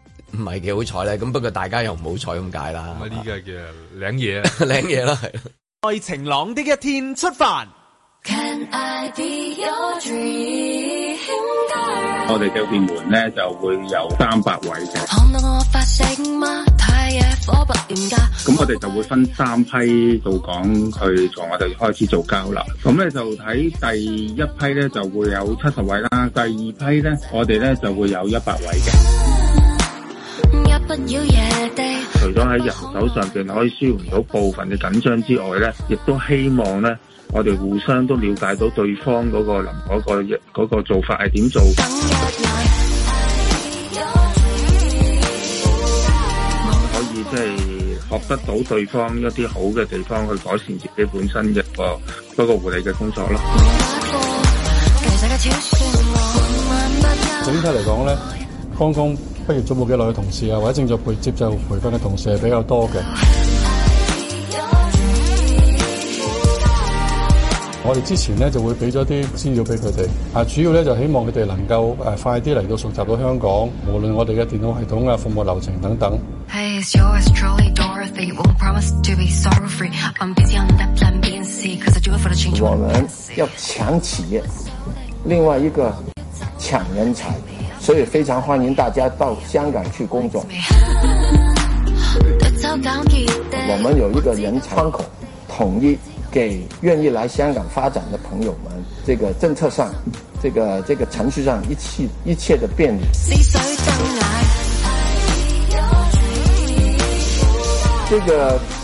唔係幾好彩咧，咁不過大家又唔好彩咁解啦。呢個叫領嘢，領嘢啦。在晴朗的一天出發。我哋嘅店門咧就會有三百位嘅。咁 我哋就會分三批到港去同我哋開始做交流。咁咧就睇第一批咧就會有七十位啦，第二批咧我哋咧就會有一百位嘅。除咗喺人手上邊可以舒緩到部分嘅緊張之外咧，亦都希望咧，我哋互相都了解到對方嗰個、嗰個、嗰個做法係點做，可以即係學得到對方一啲好嘅地方，去改善自己本身嘅、嗰個嗰個護理嘅工作咯。整體嚟講咧，剛剛。畢業咗冇幾耐嘅同事啊，或者正在培接就培訓嘅同事係比較多嘅。我哋之前咧就會俾咗啲資料俾佢哋，啊，主要咧就希望佢哋能夠誒快啲嚟到熟習到香港，無論我哋嘅電腦系統啊、服務流程等等。我們要搶企業，另外一個搶人才。所以非常歡迎大家到香港去工作。我們有一個人才窗口，統一給願意來香港發展的朋友們，這個政策上，這個這個程序上一切一切的便利。這個。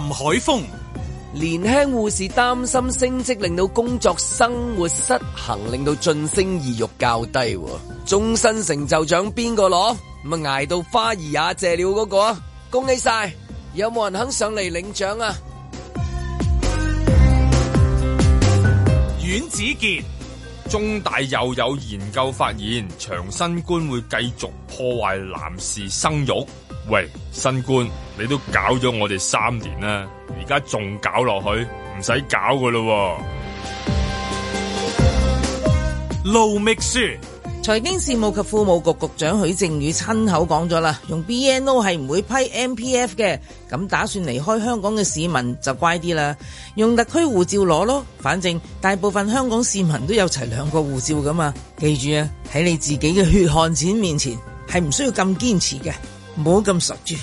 林海峰，年輕護士擔心升職令到工作生活失衡，令到晉升意欲較低。終身成就獎邊個攞？咁啊捱到花兒也謝了嗰、那個恭喜晒！有冇人肯上嚟領獎啊？阮子杰，中大又有，有研究發現，長新冠會繼續破壞男士生育。喂，新官你都搞咗我哋三年啦，而家仲搞落去，唔使搞噶咯。盧覓書，財經事務及庫務局局局長許正宇親口講咗啦，用 BNO 係唔會批 M P F 嘅，咁打算離開香港嘅市民就乖啲啦，用特區護照攞咯，反正大部分香港市民都有齊兩個護照噶嘛，記住啊，喺你自己嘅血汗錢面前係唔需要咁堅持嘅。唔好咁實著，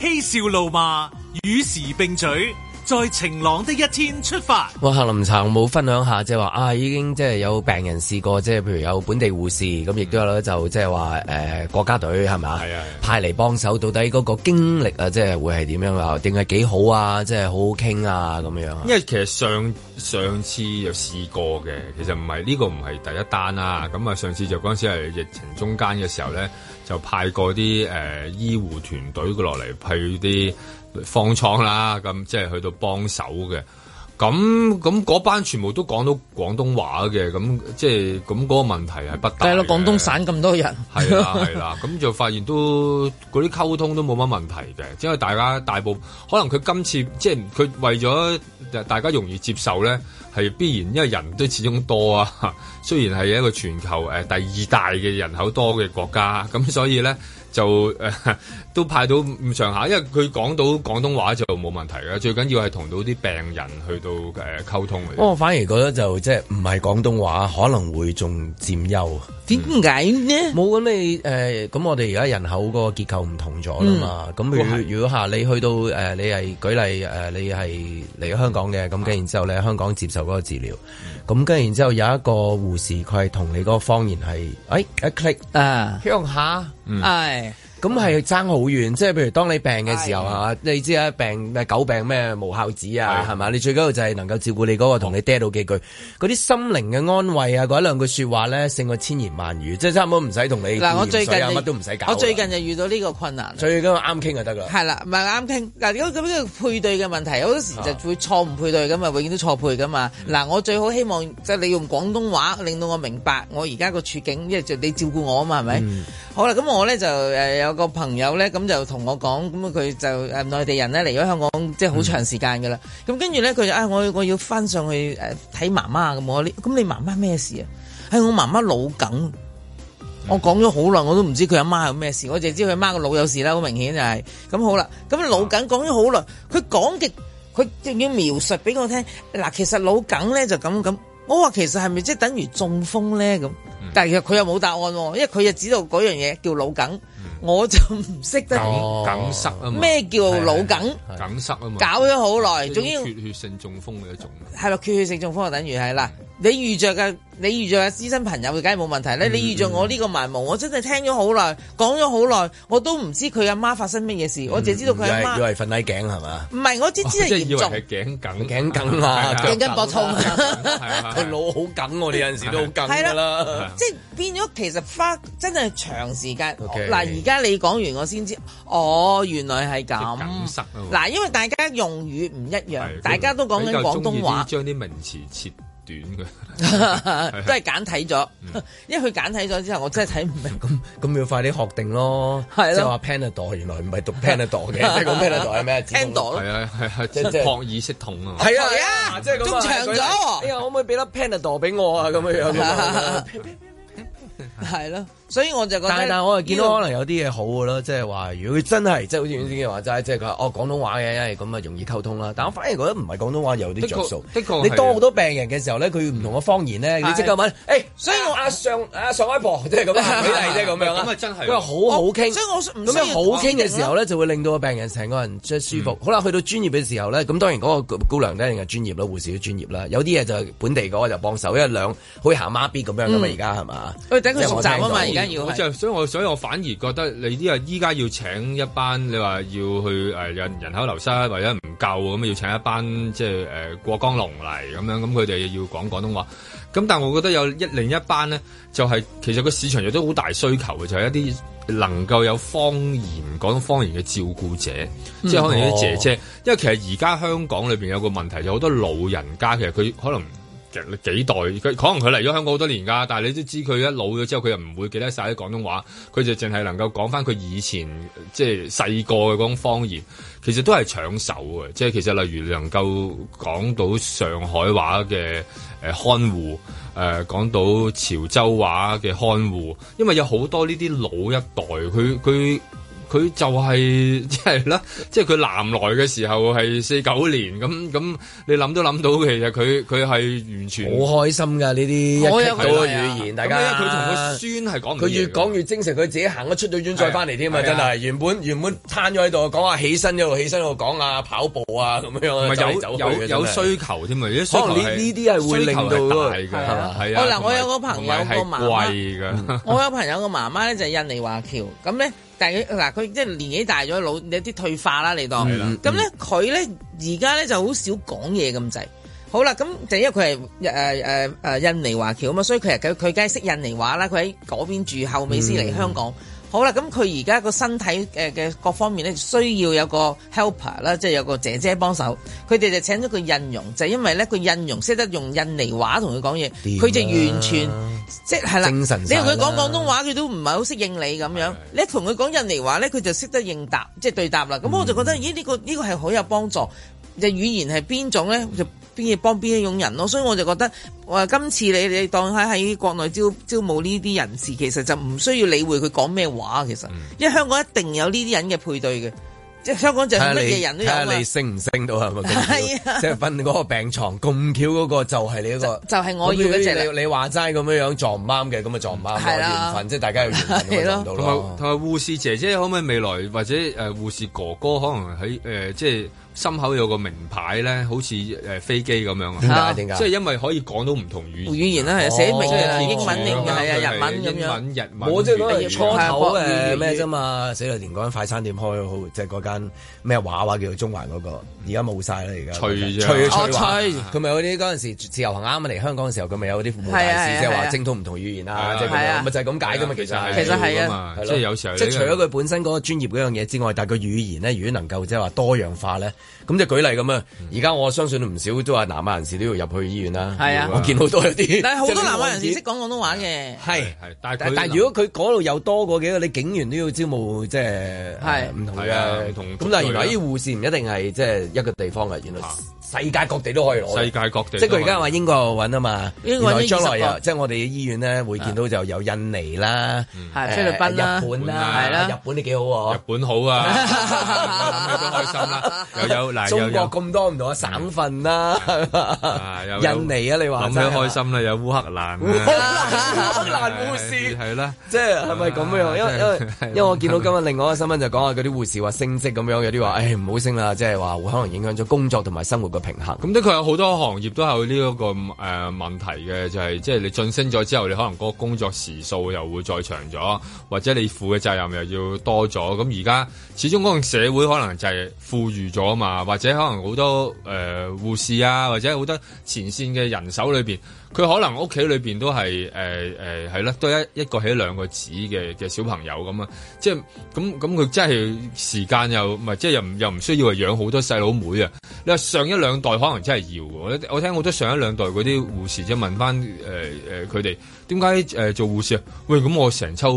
嬉笑怒罵與時並舉。在晴朗的一天出發。哇，林岑冇分享一下，即係話啊，已經即係有病人試過，即係譬如有本地護士咁，亦都有咧就即係話誒國家隊係咪啊？係啊，派嚟幫手，到底嗰個經歷啊，即係會係點樣啊？定係幾好啊？即係好好傾啊咁樣。因為其實上上次又試過嘅，其實唔係呢個唔係第一單啊。咁啊，上次就嗰陣時係疫情中間嘅時候咧，就派過啲誒醫護團隊落嚟，派啲。放倉啦，咁即係去到幫手嘅，咁咁嗰班全部都講到廣東話嘅，咁即係咁嗰個問題係不大。係咯，廣東省咁多人。係 啊，係啦，咁就發現都嗰啲溝通都冇乜問題嘅，因為大家大部分可能佢今次即係佢為咗大家容易接受咧，係必然，因為人都始終多啊。雖然係一個全球第二大嘅人口多嘅國家，咁所以咧就、呃都派到唔上下，因為佢講到廣東話就冇問題嘅。最緊要係同到啲病人去到誒、呃、溝通。我反而覺得就即係唔係廣東話可能會仲佔優。點解呢？冇咁你咁，呃、我哋而家人口個結構唔同咗啦嘛。咁、嗯、如果下、哦啊、你去到、呃、你係舉例、呃、你係嚟香港嘅咁，跟然之後你喺香港接受嗰個治療，咁、啊、跟然之後有一個護士佢係同你嗰個方言係誒一 click 啊、uh, 鄉下，嗯，uh. 咁係爭好遠，即係譬如當你病嘅時候啊，你知啊病咩久病咩無孝子啊，係嘛？你最緊要就係能夠照顧你嗰，那個，同你嗲到幾句，嗰啲心靈嘅安慰啊，嗰一兩句說話咧勝過千言萬語，即係差唔多唔使同你嗱，啊、我最近乜都唔使搞，我最近就遇到呢個困難，最緊要啱傾就得噶。係啦，唔係啱傾嗱，咁做咩配對嘅問題，好多時就會錯唔配對噶嘛，永遠都錯配噶嘛。嗱，我最好希望即係你用廣東話令到我明白我而家個處境，因為就你照顧我啊嘛，係咪，嗯？好啦，咁我咧就誒、呃有個朋友咧，咁就同我講，咁佢就誒內地人咧嚟咗香港，即係好長時間噶啦。咁、嗯、跟住咧，佢就啊、哎，我我要翻上去誒睇媽媽咁。我話你，咁你媽媽咩事啊？係我媽媽腦梗。我講咗好耐，我都唔知佢阿媽有咩事，我淨係知佢阿媽個腦有事啦。明顯就是，好明顯就係咁。好啦。咁腦梗講咗好耐，佢講極，佢仲要描述俾我聽。嗱，其實腦梗咧就咁咁。我話其實係咪即係等於中風咧咁？但係其實佢又冇答案，因為佢又知道嗰樣嘢叫腦梗。我就唔識得梗梗塞啊！咩叫腦梗？梗塞啊！嘛，搞咗好耐，仲要缺血性中風嘅一種，係咯，缺血性中風就等於係啦。你遇着嘅，你遇着嘅私生朋友佢梗係冇問題咧、嗯。你遇着我呢個迷蒙，我真係聽咗好耐，講咗好耐，我都唔知佢阿媽，媽發生咩嘢事，我淨係知道佢阿媽。佢係瞓低頸係嘛？唔係，我只知係、哦、嚴重。即頸梗，頸梗啊，頸梗膊痛，佢腦好梗喎！呢陣、啊啊啊啊啊啊啊啊、時都好梗㗎啦。即係、啊啊啊啊、變咗，其實花真係長時間。嗱，而家你講完我先知，哦，原來係咁。塞、就是、啊！嗱，因為大家用語唔一樣、啊，大家都講緊廣東話，將啲名詞切。短嘅，都係簡體咗， 因為佢簡體咗之後，我真係睇唔明。咁 咁要快啲學定咯，即係話 Panadol，原來唔係讀 Panadol 嘅，即係講 Panadol 係咩字？Panadol 咯，係啊係係，即係學意識痛啊，係 啊，即係都長咗。哎、啊、呀、欸，可唔可以俾粒 Panadol 俾我啊？咁樣樣，係 咯 。所以我就覺得，但係但係我又見到可能有啲嘢好嘅咯，即係話如果真係即係好似永先嘅話齋，即係佢哦廣東話嘅，因為咁啊容易溝通啦。但我反而覺得唔係廣東話有啲著數，的確，的確你多好多病人嘅時候呢，佢唔同嘅方言咧，你即刻問、欸。所以我阿、啊、上阿、啊啊、上阿婆即係咁樣舉例，即係咁樣啦。啊、真係，佢話好好傾，所以我想唔同好傾嘅時候呢，就會令到個病人成個人即係舒服。嗯、好啦，去到專業嘅時候咁當然嗰個姑娘一定係專業啦，護士都專業啦。有啲嘢就係本地嗰個就幫手，因為兩可以行孖咇咁樣噶嘛，而家係嘛？等佢熟習啊嘛。所以我所以我反而覺得你啲啊，依家要請一班你話要去人人口流失或者唔夠，咁要請一班即係誒過江龍嚟咁樣，咁佢哋要講廣東話。咁但係我覺得有一另一班咧、就係，就係其實個市場亦都好大需求嘅，就係一啲能夠有方言講方言嘅照顧者，嗯、即係可能有啲姐姐。因為其實而家香港裏面有個問題，有、就、好、是、多老人家其實佢可能。幾代佢可能佢嚟咗香港好多年噶，但係你都知佢一老咗之後，佢又唔會記得晒啲廣東話，佢就淨係能夠講翻佢以前即係細個嘅嗰種方言。其實都係搶手嘅，即係其實例如你能夠講到上海話嘅誒、呃、看護，誒、呃、講到潮州話嘅看護，因為有好多呢啲老一代，佢佢。他佢就係即係啦，即係佢南來嘅時候係四九年咁咁，你諗都諗到，其實佢佢係完全好開心噶，呢啲一聽到嘅語言，大家佢同佢孫係講唔，佢越講越精神，佢自己行咗出咗院再翻嚟添啊！真係，原本原本癱咗喺度，講啊起身一路起身一路講啊跑步啊咁樣走走，有有有需求添啊！可能呢啲係會令到係係啊，嗱，我有個朋友個媽媽，我有朋友個媽媽咧就係印尼華僑咁咧。 但係嗱，佢即係年紀大咗，老有啲退化啦。你當咁咧，佢咧而家咧就好少講嘢咁滯。好啦，咁就因為佢係誒誒誒印尼華僑啊嘛，所以佢佢佢梗係識印尼話啦。佢喺嗰邊住，後尾先嚟香港。嗯好啦，咁佢而家個身體嘅嘅各方面咧，需要有個 helper 啦，即係有個姐姐幫手。佢哋就請咗佢印傭，就係、因為咧，佢印傭識得用印尼話同佢講嘢，佢、啊、就完全即係啦。精神你同佢講廣東話，佢都唔係好適應你咁樣。你同佢講印尼話咧，佢就識得應答，即係對答啦。咁我就覺得，嗯、咦？呢個呢個係好有幫助。嘅語言係邊種咧？就邊嘢幫邊一種人咯，所以我就覺得，我今次你你當喺喺國內招招募呢啲人士，其實就唔需要理會佢講咩話。其實，嗯、因為香港一定有呢啲人嘅配對嘅，即係香港就係乜嘢人都有。看看你，看看你升唔升到係咪？即係瞓嗰個病床咁巧，嗰個就係你、這個、 一個你，就係我要你你話齋咁樣撞樣撞唔啱嘅，咁啊撞唔啱。係啦，緣分即係大家要、啊、緣遇到。同埋同護士姐姐可唔可以未來或者誒、呃、護士哥哥可能喺、呃、即係。心口有個名牌咧，好似誒飛機咁樣啊！點解？點解？即係因為可以講到唔同語言語言啦，係寫明、哦、英文添係、哦、啊日文咁樣。我即係嗰陣初頭誒咩啫嘛？死啦！連嗰間快餐店開好，即係嗰間咩畫畫叫做中環嗰、嗰個，而家冇晒啦，而家。除咗，除咗，佢咪、啊啊啊、有啲嗰陣時自由行啱啱嚟香港嘅時候，佢咪有啲即係話精通唔同語言啊。即係咪就係咁解啫嘛？其實係其實係啊，即係有時候即係除咗佢本身嗰個專業嗰樣嘢之外，但係個語言咧，如果能夠即係話多樣化咧。咁就舉例咁啊！而家我相信唔少都係南亞人士都要入去醫院啦。係啊，我見好多一啲。啊、 但係好多南亞人士識講 廣東話嘅。係，但係但如果佢嗰度有多過幾個，你警員都要招募，即係唔同嘅。啊、同咁、啊、但係原來啲護士唔一定係即係一個地方嘅、啊，原來。啊世界各地都可以攞，世界各地，即係佢而家話英國揾啊嘛，英國來將來啊，即係我哋醫院咧、啊、會見到就有印尼啦，菲律賓啦，日本都幾好喎，日本好啊，諗起開心啦，又、啊、有、啊啊啊啊啊、中國咁多唔同嘅、啊啊、省份啦、啊啊，印尼啊，你話諗起開心啦，有烏克蘭、啊， 烏克蘭護士係啦，即係係咪咁樣、啊？因為、啊、因為 因為我見到今日另外一個新聞就講下嗰啲護士話升職咁樣，有啲話誒唔好升啦，即係話可能影響咗工作同埋生活。平衡咁的確有好多行業都有呢、這、一個誒、呃、問題嘅，就係即係你晉升咗之後，你可能嗰個工作時數又會再長咗，或者你負嘅責任又要多咗。咁而家始終嗰個社會可能就係富裕咗啊嘛，或者可能好多誒護、呃、士啊，或者好多前線嘅人手裏邊，佢可能屋企裏邊都係誒誒係啦，都係一一個起兩個子嘅嘅小朋友咁啊，即係咁咁佢真係時間、就是、又唔係，即係又唔又唔需要話養好多細佬妹啊。你話上一兩。兩代可能真係要，我我聽我都上一兩代嗰啲護士即係問翻誒誒佢哋。呃呃點解誒做護士啊？喂，咁我成抽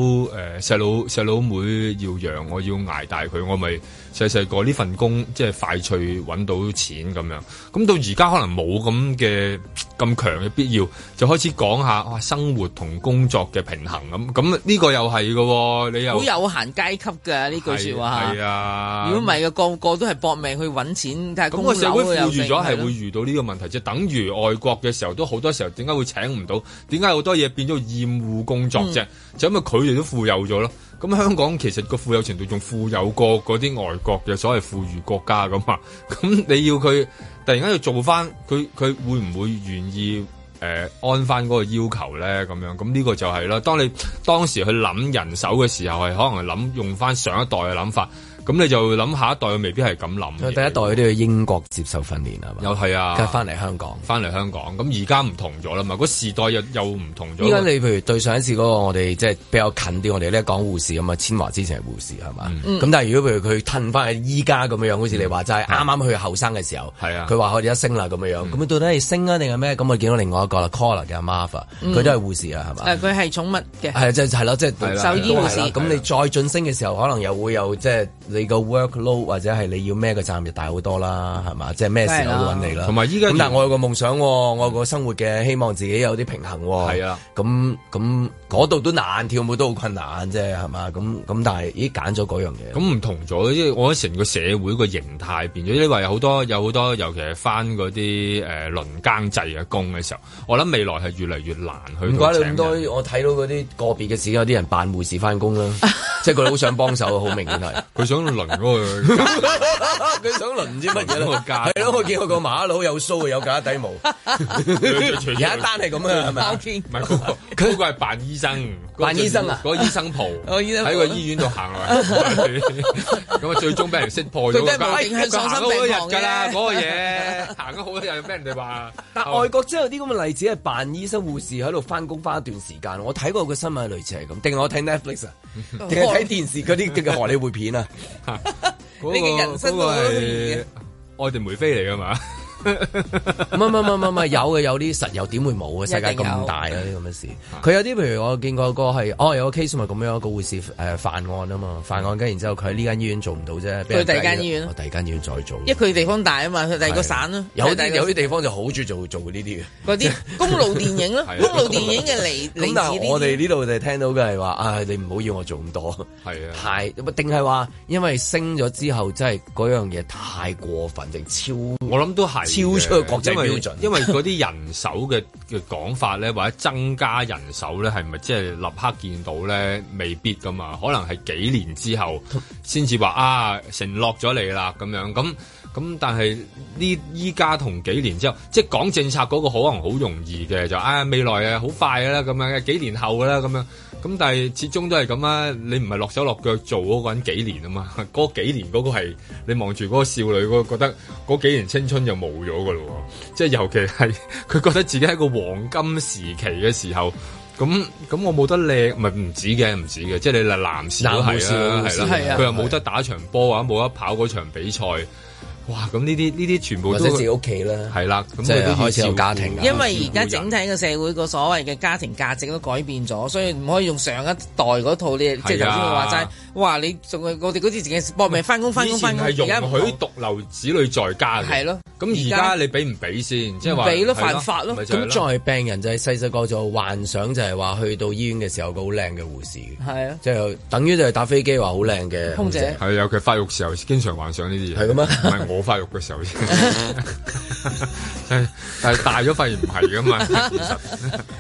誒細佬細佬妹要養，我要挨大佢，我咪細細個呢份工即係快脆搵到錢咁樣。咁到而家可能冇咁嘅咁強嘅必要，就開始講下、啊、生活同工作嘅平衡咁。咁呢個又係喎，你又好有閒階級嘅呢句說話。係啊，如果唔係個個都係搏命去搵錢，但係咁個社會富裕咗係會遇到呢個問題，即係等於外國嘅時候都好多時候點解會請唔到？點解好多嘢？變咗厭惡工作啫，嗯，就因為佢哋都富有咗咯。咁香港其實個富有程度仲富有過嗰啲外國嘅所謂富裕國家咁啊。咁你要佢突然間要做翻，佢佢會唔會願意誒，呃、安翻嗰個要求咧？咁樣咁呢個就係，是，啦。當你當時去諗人手嘅時候，係可能諗用翻上一代嘅諗法。咁你就諗下一代未必係咁諗。第一代佢都要英國接受訓練係嘛？又係啊！梗翻嚟香港，翻嚟香港。咁而家唔同咗啦嘛，個時代又又唔同咗。依家你譬如對上一次嗰個我哋即係比較近啲，我哋呢講護士咁啊，千華之前係護士係嘛？咁、嗯嗯、但係如果譬如佢褪翻去依家咁樣樣，嗯、好似你話齋啱啱去後生嘅時候，係啊，佢話我哋一升啦咁樣樣。咁、嗯、到底係升啊定係咩？咁我見到另外一個啦 Caller 嘅阿 Marva，佢都係護士啊，係嘛？佢係寵物嘅。係即係咯，即係獸醫護士。咁你再晉升嘅時候，可能又會有即係。就是你個 workload 或者係你要咩嘅責任就大好多啦，係嘛？即係咩時候都揾你啦。同埋依家，但係我有個夢想，我有個生活嘅、嗯，希望自己有啲平衡。係啊，咁咁。嗰度都難跳舞都好困難啫，係嘛？咁咁，但係咦揀咗嗰樣嘢？咁唔同咗，因為我覺得成個社會個形態變咗。因為有好多有好多，尤其係翻嗰啲誒輪更制嘅工嘅時候，我諗未來係越嚟越難去。唔怪你咁多，我睇到嗰啲個別嘅時有啲人扮護士翻工啦， 即係佢好想幫手，好明顯係佢 想輪嗰個，佢 想輪唔知乜嘢咯，係 我見到個馬佬有鬚啊，有假底毛，有 一 單係咁嘅係咪？唔係扮生，個醫生啊，嗰個醫生袍，喺個醫院度行啊，咁 啊 最終俾人識破咗，行咗好多日噶啦，嗰個嘢，行咗好多日俾人哋話。但外國真係有啲咁嘅例子係扮醫生護士喺度翻工翻一段時間，我睇過個新聞類似係咁，定係我睇 Netflix 啊，定係睇電視嗰啲嘅荷里活片啊，嗰、 嗰個嗰、嗰個係愛迪梅菲嚟噶嘛。 唔係唔係唔係唔係，有嘅有啲實有點會冇嘅，世界咁大啲，咁嘅事佢有啲，譬如我見過個係哦有個 case 咪咁樣個護士誒、呃、犯案啊嘛，犯案跟然之後佢喺呢間醫院做唔到啫，去第二間醫院，第二間醫院再做，因為佢地方大啊嘛，佢第二個省咯，有有啲地方就好中意做，做呢啲嘅嗰啲公路電影咯，公路電影嘅嚟離。咁 嗱，我哋呢度就聽到嘅係話啊，你唔好要我做咁多，係啊係，定係話因為升咗之後真係嗰樣嘢太過分定超我諗都係。超出的國際標準，因為，因為嗰啲人手嘅嘅講法咧， 或者增加人手咧，係咪即係立刻見到咧？未必噶嘛，可能係幾年之後先至話啊，承諾咗你啦咁樣咁。咁但係呢依家同幾年之後，即係講政策嗰個可能好容易嘅，就啊、哎、未來啊好快啦咁樣，幾年後啦咁樣。咁但係始終都係咁啊！你唔係落手落腳做，人幾年啊嘛？嗰幾年嗰個係你望住嗰個少女，覺得嗰幾年青春就冇咗噶咯。即係尤其係佢覺得自己喺個黃金時期嘅時候，咁咁我冇得叻，咪唔止嘅，唔止嘅。即係你男士係啦，係啊，佢又冇得打場波啊，冇得跑嗰場比賽。哇！咁呢啲呢啲全部都係自己屋企啦，係啦，即係開始有家庭。因為而家整體嘅社會個所謂嘅家庭價值都改變咗，所以唔可以用上一代嗰套啲，即係頭先我話齋，哇！你仲係我哋好似自己搏命返工返工返工，而家唔許獨留子女在家。係咯。咁而家你俾唔俾先？即係話俾咯，犯法咯。咁作為病人就係細細個就幻想就係話去到醫院嘅時候個好靚嘅護士。係啊，就是、等於就係搭飛機話好靚嘅空姐。係啊，尤其發發育時候經常幻想呢啲嘢。係咁啊，唔係我發育嘅時候先。 但係大咗發現唔係噶嘛？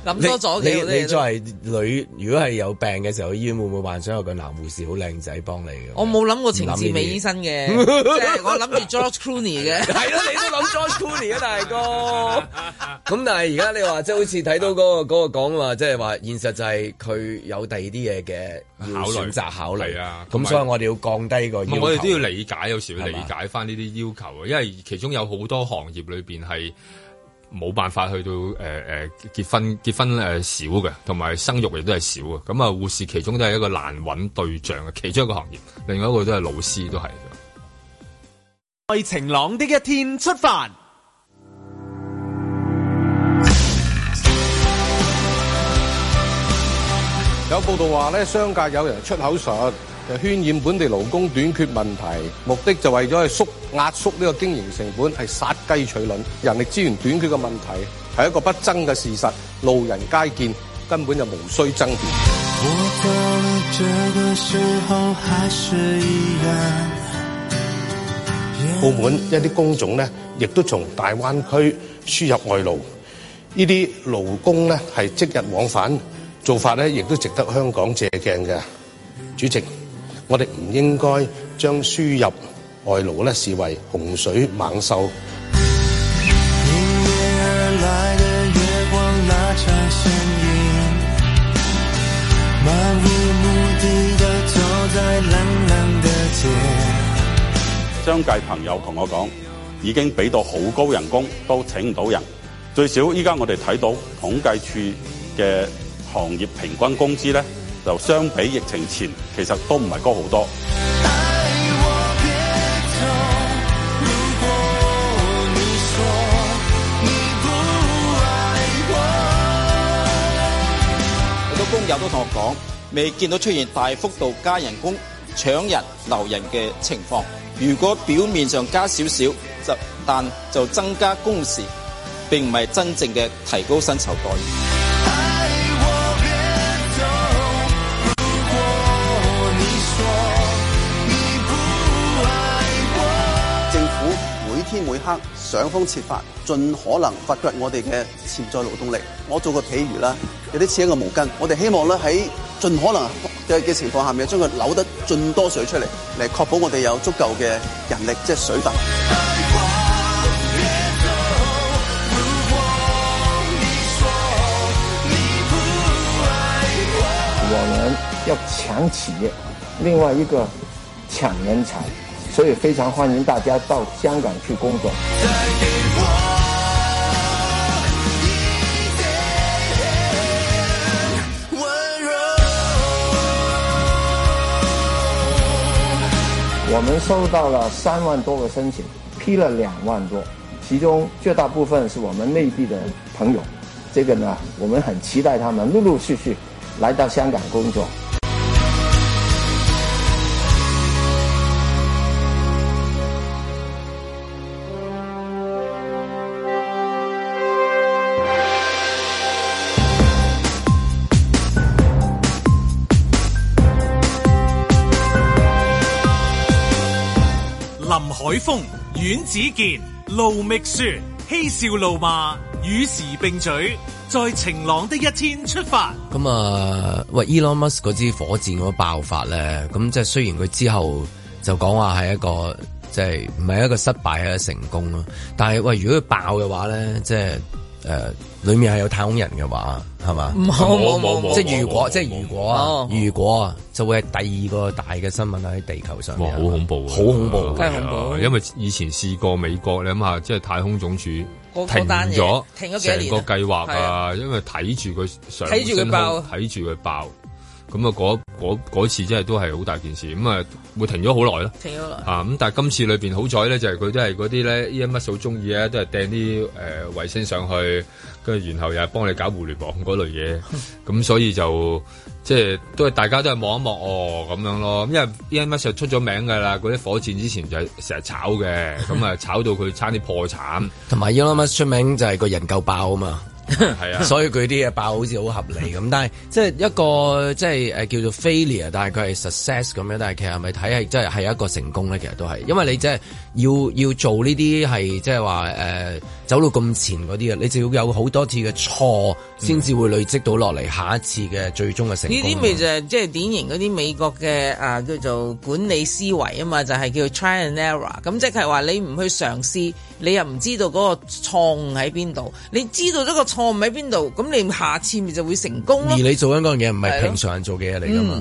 諗多咗嘅。你你作為女，如果係有病嘅時候，醫院會唔會幻想有個男護士好靚仔幫你？我冇諗過程至美醫生嘅，即係 我諗住 George Clooney 嘅。 係咯。諗再 c o o n e 啊，大哥。咁但係而家你話，即係好似睇到嗰、那個嗰、啊那個講話，即係話現實就係佢有第二啲嘢嘅考選擇考慮啊。咁、嗯、所以我哋要降低個。唔、嗯，我哋都要理解，有時候要理解翻呢啲要求啊。因為其中有好多行業裏邊係冇辦法去到誒誒、呃、結婚結婚誒少嘅，同埋生育亦都係少啊。咁啊，護士其中都係一個難揾對象嘅其中一個行業，另外一個都係老師都係。在晴朗的一天出發。有報道話，呢商界，有人出口術，就渲染，本地勞工短缺問題，目的就為咗去縮壓縮呢個經營成本，係殺雞取卵。人力資源短缺嘅問題係一個不爭嘅事實，路人皆見，根本就無需爭辯。我到了這個時候，還是一樣。澳門一啲工種咧，亦都從大灣區輸入外勞，呢啲勞工咧係即日往返，做法咧，亦都值得香港借鏡嘅。主席，我哋唔應該將輸入外勞咧視為洪水猛獸。商界朋友同我講，已經俾到好高人工，都請唔到人。最少依家我哋睇到統計處嘅行業平均工資咧，就相比疫情前其實都唔係高好多。好多工友都同我講，未見到出現大幅度加人工、搶人、留人嘅情況。如果表面上加少少，就但就增加工時，並唔係真正嘅提高薪酬待遇。天每刻想方設法，盡可能發掘我哋嘅潛在勞動力。我做個譬喻啦，有啲似一個毛巾。我哋希望咧喺盡可能嘅嘅情況下面，將佢扭得盡多水出嚟，嚟確保我哋有足夠嘅人力，即係水份。我們要搶企業，另外一個搶人才。所以非常歡迎大家到香港去工作。我們收到了三萬多個申請，批了兩萬多，其中絕大部分是我們內地的朋友。這個呢，我們很期待他們陸陸續續來到香港工作。海風、阮子健、盧覓雪、嬉笑怒罵，與時並舉，在晴朗的一天出發。咁、嗯、啊、呃，喂，Elon Musk 嗰支火箭嘅爆發咧，咁即係雖然佢之後就講話係一個，即係唔係一個失敗，係一個成功咯。但係喂、呃，如果佢爆嘅話咧，即係誒。呃裏面係有太空人嘅話，係嘛？冇冇冇，即係如果，即係如果如果啊，就會係第二個大嘅新聞喺地球上，哦。好恐怖，好恐怖，恐怖，啊啊啊啊啊啊啊。因為以前試過美國，你諗下，即係太空總署停咗，停咗成、啊、個計劃啊。因為睇住佢上空，睇住佢爆，睇住佢爆。咁啊，嗰次真係都係好大件事。咁啊，會停咗好耐咯。停咗耐！咁但係今次裏邊好彩咧，就係佢都係嗰啲咧，依家乜數鍾意啊，都係掟啲誒衛星上去。跟住，然後又係幫你搞互聯網嗰類嘢，咁 所以就即係都係大家都係望一望哦，咁樣咯。因為 Elon Musk 就出咗名㗎啦，嗰啲火箭之前就係成日炒嘅，咁 啊炒到佢差啲破產，同埋 Elon Musk 出名就係個人夠爆啊嘛。係 啊，所以佢啲嘢爆好似好合理咁，嗯，但係即係一個即係誒叫做 failure，但係佢係 success 咁樣，但係其實係咪睇，係真係係一個成功咧？其實都係，因為你即係要要做呢啲係即係話誒走到咁前嗰啲啊，你就要有好多次嘅錯先至會累積到落嚟下一次嘅最終嘅成功。呢啲咪就係即係典型嗰啲美國嘅，啊叫做管理思維啊嘛，就係、是、叫 try and error。咁即係話你唔去嘗試，你又唔知道嗰個錯誤喺邊度，你知道咗個錯。我唔喺邊度，咁你下次咪就會成功，而你做緊嗰樣嘢唔係平常人做嘅嘢嚟噶嘛？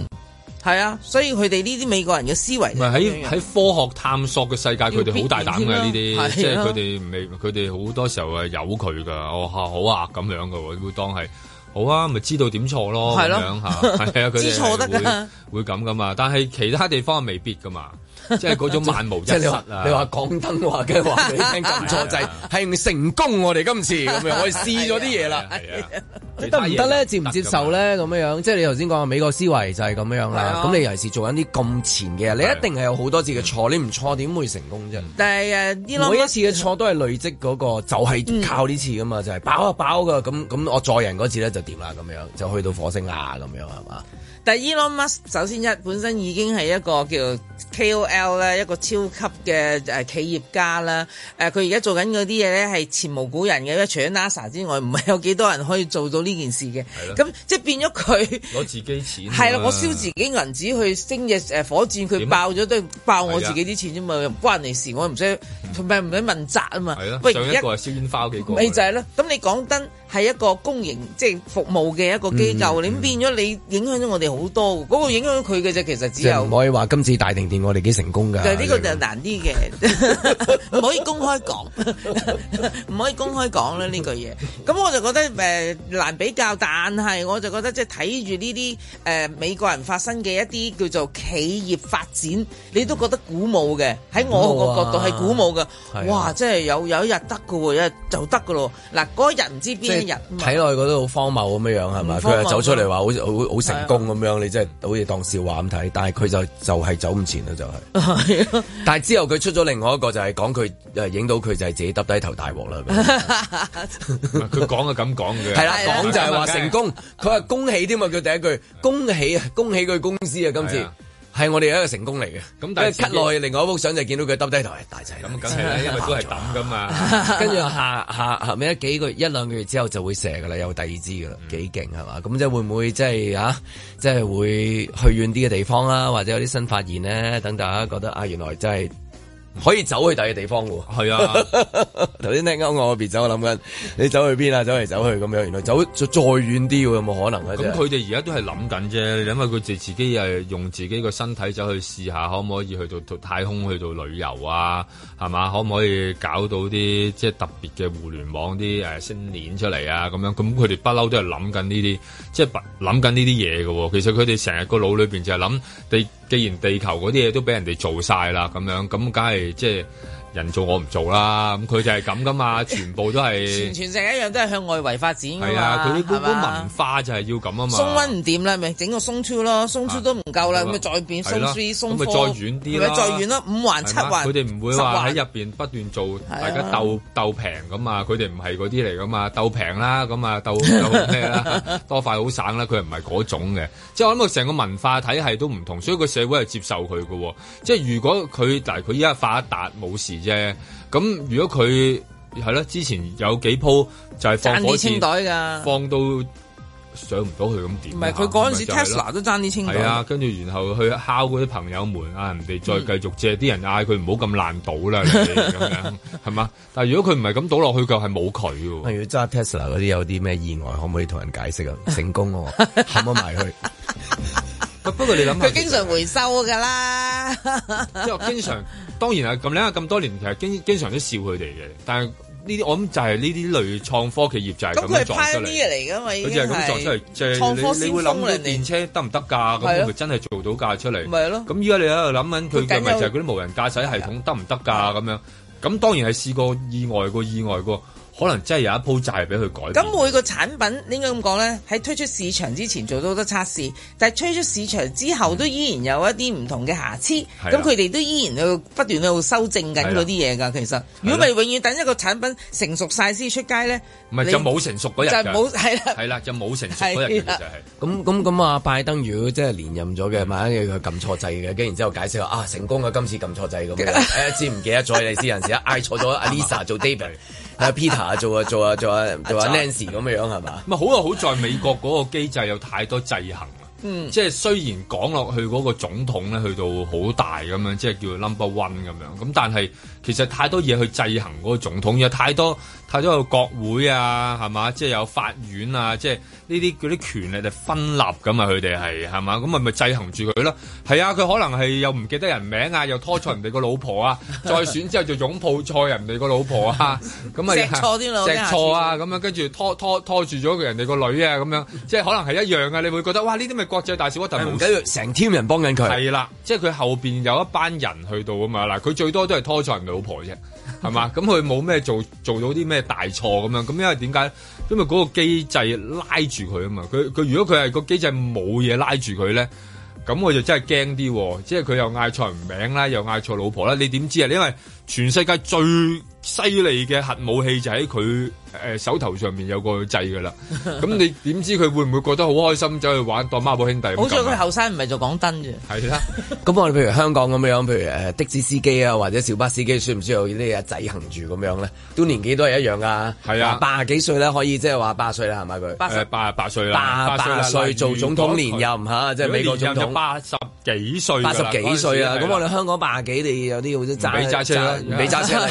係啊、嗯，所以佢哋呢啲美國人嘅思維，喺喺科學探索嘅世界，佢哋好大膽嘅呢啲，即係佢哋未，佢哋好多時候係有佢噶，我、哦、好啊，咁樣噶，會當係好啊，咪知道點錯咯，係咯，吓係啊，佢 知錯得會咁噶嘛？但係其他地方係未必噶嘛。 即係嗰種萬無一失、啊即你。你話講燈話嘅話 你聽就錯，就係、是、 成功我哋今次咁樣。 我哋試咗啲嘢啦，得唔得咧？接唔接受咧？咁 樣樣，即係你頭先講美國思維就係咁樣啦。咁、啊、你尤其是做緊啲咁前嘅、啊、你一定係有好多次嘅錯、嗯，你唔錯點會成功啫？但係、啊、誒，每一次嘅錯都係累積嗰、嗰個，就係、是、靠呢次噶嘛，就係飽啊飽噶。咁咁我載人嗰次咧就點啦，咁樣就去到火星啊，咁樣係嘛？但係 Elon Musk 首先一本身已經係一個叫 KOL 啦，一個超級嘅企業家啦。誒佢而家做緊嗰啲嘢咧係前無古人嘅，除咗 NASA 之外，唔係有幾多人可以做到呢件事嘅。係咯。咁即係變咗佢攞自己錢係啦，我燒自己的銀紙去升隻火箭，佢爆咗都係爆我自己啲錢啫嘛，又唔關人哋事，我唔使同埋唔使問責啊嘛。係咯。上一個係燒煙花嗰幾個。咪就係、是、咯，咁你講得。係一個公營即係服務嘅一個機構，嗯、你咁變咗你影響咗我哋好多，嗰、嗰個影響佢嘅啫。其實只有唔、就是、可以話今次大停電，我哋幾成功㗎。就呢、是、個就難啲嘅，唔 可以公開講，唔 可以公開講啦呢句嘢。咁、 這個、我就覺得誒、呃、難比較，但係我就覺得即係睇住呢啲誒美國人發生嘅一啲叫做企業發展，你都覺得鼓舞嘅。喺我個角度係鼓舞㗎。哇！即係有有一日得嘅喎，有一日就得嘅咯。嗱嗰一日唔知邊。就是睇落去覺得好荒謬咁樣樣係嘛？佢係走出嚟話好似好好成功咁樣，你真係好似當笑話咁睇，但係佢就就係走唔前啦，就係、是就是。但係之後佢出咗另外一個就係講佢誒影到佢就係、是、自己耷低頭大鑊啦。佢 講 就咁講嘅。係啦，講就係話成功。佢話恭喜添嘛，佢第一句恭喜恭喜佢公司啊，今次。係我哋一個成功嚟嘅，咁但係 cut 內另外一幅相就見到佢耷低頭，大仔咁，梗係啦，因為都係抌噶嘛。跟 住下下後尾一幾個月一兩個月之後就會射噶啦，有第二支噶啦，幾勁係嘛？咁即係會唔會即係啊？即係會去遠啲嘅地方啊，或者有啲新發現咧？等大家覺得啊，原來真係。可以走去第嘅地方喎，係啊！頭 先聽啱愛我邊走，我諗緊你走去邊啊？走嚟走去咁樣，原來走再遠啲喎，有冇可能啊？咁佢哋而家都係諗緊啫，諗下佢自自己係用自己個身體走去試下，可唔可以去到太空去到旅遊啊？係嘛，可唔可以搞到啲即係特別嘅互聯網啲誒星鏈出嚟啊？咁、啊、樣，咁佢哋不嬲都係諗緊呢啲，即係諗緊呢啲嘢嘅。其實佢哋成日個腦裏邊就係諗既然地球嗰啲嘢都俾人哋做晒啦，咁樣，咁梗係即係。人做我唔做啦，咁佢就係咁噶嘛，全部都係全全成一樣都係向外圍發展。係啊，佢啲根本文化就係要咁啊嘛。松溫唔掂啦，咪整個松 two 咯，松 two 都唔夠啦，咁咪、啊啊、再變松 three、松 four 再遠啲再遠啦，五環、啊、七環，佢哋唔會話喺入邊不斷做，大家鬥鬥平咁啊！佢哋唔係嗰啲嚟噶嘛，鬥平啦，咁啊鬥咩啦，多快好省啦，佢唔係嗰種嘅。即係我諗個成個文化體系都唔同，所以個社會係接受佢嘅。即係如果佢嗱佢依家發達冇事。啫、嗯，咁如果佢係啦，之前有幾鋪就係放火箭，放到上唔到去咁點？唔係佢嗰陣時 Tesla 都爭啲清袋。係啊，跟住然後去敲嗰啲朋友們，啊，人哋再繼續借啲人嗌佢唔好咁爛倒啦，咁 樣係嘛？但係如果佢唔係咁倒落去嘅，係冇佢嘅。如果揸 Tesla 嗰啲有啲咩意外，可唔可以同人解釋啊？成功喎、哦，冚 埋下去。 不過你諗下佢經常回收噶啦， 即係經常當然係咁，你咁多年其實經經常都笑佢哋嘅。但係呢啲我諗就係呢啲類創科企業就係咁做出嚟。佢就係咁做出嚟，即係、就是、你，你會諗個電車得唔得㗎？咁、嗯、佢真係做到㗎出嚟？咪係咯。咁依家你喺度諗緊佢咪就係嗰啲無人駕駛系統得唔得㗎？咁樣咁當然係試過意外過意外過。可能真係有一鋪債俾佢改。咁每個產品應該咁講咧，喺推出市場之前做到多啲測試，但係推出市場之後都依然有一啲唔同嘅瑕疵。咁佢哋都依然喺度不斷喺度修正緊嗰啲嘢噶。其實如果咪永遠等一個產品成熟晒先出街咧，唔係就冇成熟嗰日就冇係啦，係啦就冇成熟嗰日啦就係。咁咁咁啊，拜登如果真係連任咗嘅，萬一佢撳錯掣嘅，跟住然之後解釋話啊成功啊今次撳錯掣咁啊，誒知唔記得再嚟試人士嗌錯咗阿 Lisa 做 David。 啊 Peter 做啊做啊做啊做啊 Nancy 咁嘅樣係嘛？唔係好啊，好，在美國嗰個機制有太多制衡啊。嗯，即係雖然講落去嗰個總統咧，去到好大咁樣，即係叫做 number one 咁樣，咁但係其實太多嘢去制衡嗰個總統，有太多太多個國會啊，係嘛？即係有法院啊，即係呢啲嗰啲權力就分立咁啊，佢哋係係嘛？咁咪咪制衡住佢咯。係啊，佢可能係又唔記得人名啊，又拖錯人哋個老婆啊， 再選之後就擁抱錯人哋個老婆啊，咁、 就是、啊，錫錯啲老婆啊，咁樣跟住拖拖拖住咗人哋個女啊，咁樣即係可能係一樣啊。你會覺得哇呢啲咪～國際大事，我、嗯、哋無計，成 team 人幫緊佢。係啦，即係佢後邊有一班人去到啊嘛。嗱，佢最多都係拖錯人嘅老婆啫，係 嘛？咁佢冇咩做，做到啲咩大錯咁樣？咁因為點解？因為嗰個機制拉住佢啊嘛。佢佢如果佢係個機制冇嘢拉住佢咧，咁我就真係驚啲。即係佢又嗌錯人名啦，又嗌錯老婆啦。你點知啊？因為全世界最犀利嘅核武器就喺佢。誒手頭上面有個掣㗎啦，咁 你點知佢會唔會覺得好開心走去玩當孖寶兄弟？好在佢後生，唔係做港燈啫。係啦，咁我哋譬如香港咁樣，譬如誒的士司機啊，或者小巴司機，需唔需要啲嘢仔行住咁樣咧？都年紀都係一樣㗎。係啊，八十幾歲咧，可以即係話八歲啦，係咪佢？八十八八歲啦，八八歲做總統連任嚇，即係美國總統八十幾歲，八十幾歲啊！咁、啊啊、我哋香港八十幾歲，你有啲好多揸揸車啦，揸車啦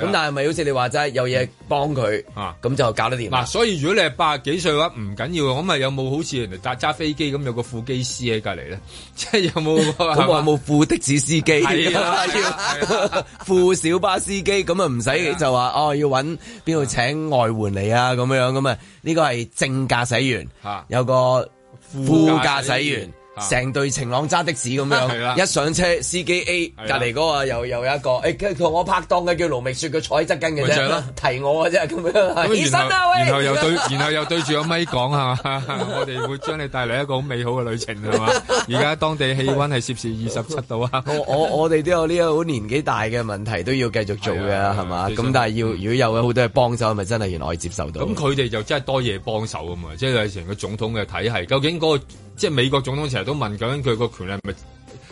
咁，但係咪好似你話齋，有嘢幫佢？啊，咁就搞得掂。嗱、啊，所以如果你係八十幾歲嘅話，唔緊要。咁咪有冇好似人哋搭揸飛機咁，有個副機師喺隔籬咧？即 係有冇？咁 有冇副的士司機？啊 要啊啊、 副小巴司機。咁啊，唔使就話哦，要搵邊度請外援嚟啊？咁樣咁啊，呢個係正駕駛員，有個副駕駛員。成、啊、對晴朗揸的士咁樣，一上車司機 A 隔離嗰個又又有一個，誒、欸，同我拍檔嘅叫盧覓雪，佢坐喺側跟嘅啫，提我啊真係咁樣。起身啊然後，然，後 然後又對，然後又對住個咪講下， 我哋會將你帶嚟一個好美好嘅旅程係嘛？而家 當地氣温係攝氏二十七度啊 ！我我哋都有呢個好年紀大嘅問題，都要繼續做嘅係嘛？咁但係要、嗯、如果有好多嘅幫手，係、就、咪、是、真係原來可以接受到？咁佢哋就真係多嘢幫手啊嘛！即係成個總統嘅體系。究竟嗰、那個即係美國總統成日都問緊佢個權力咪，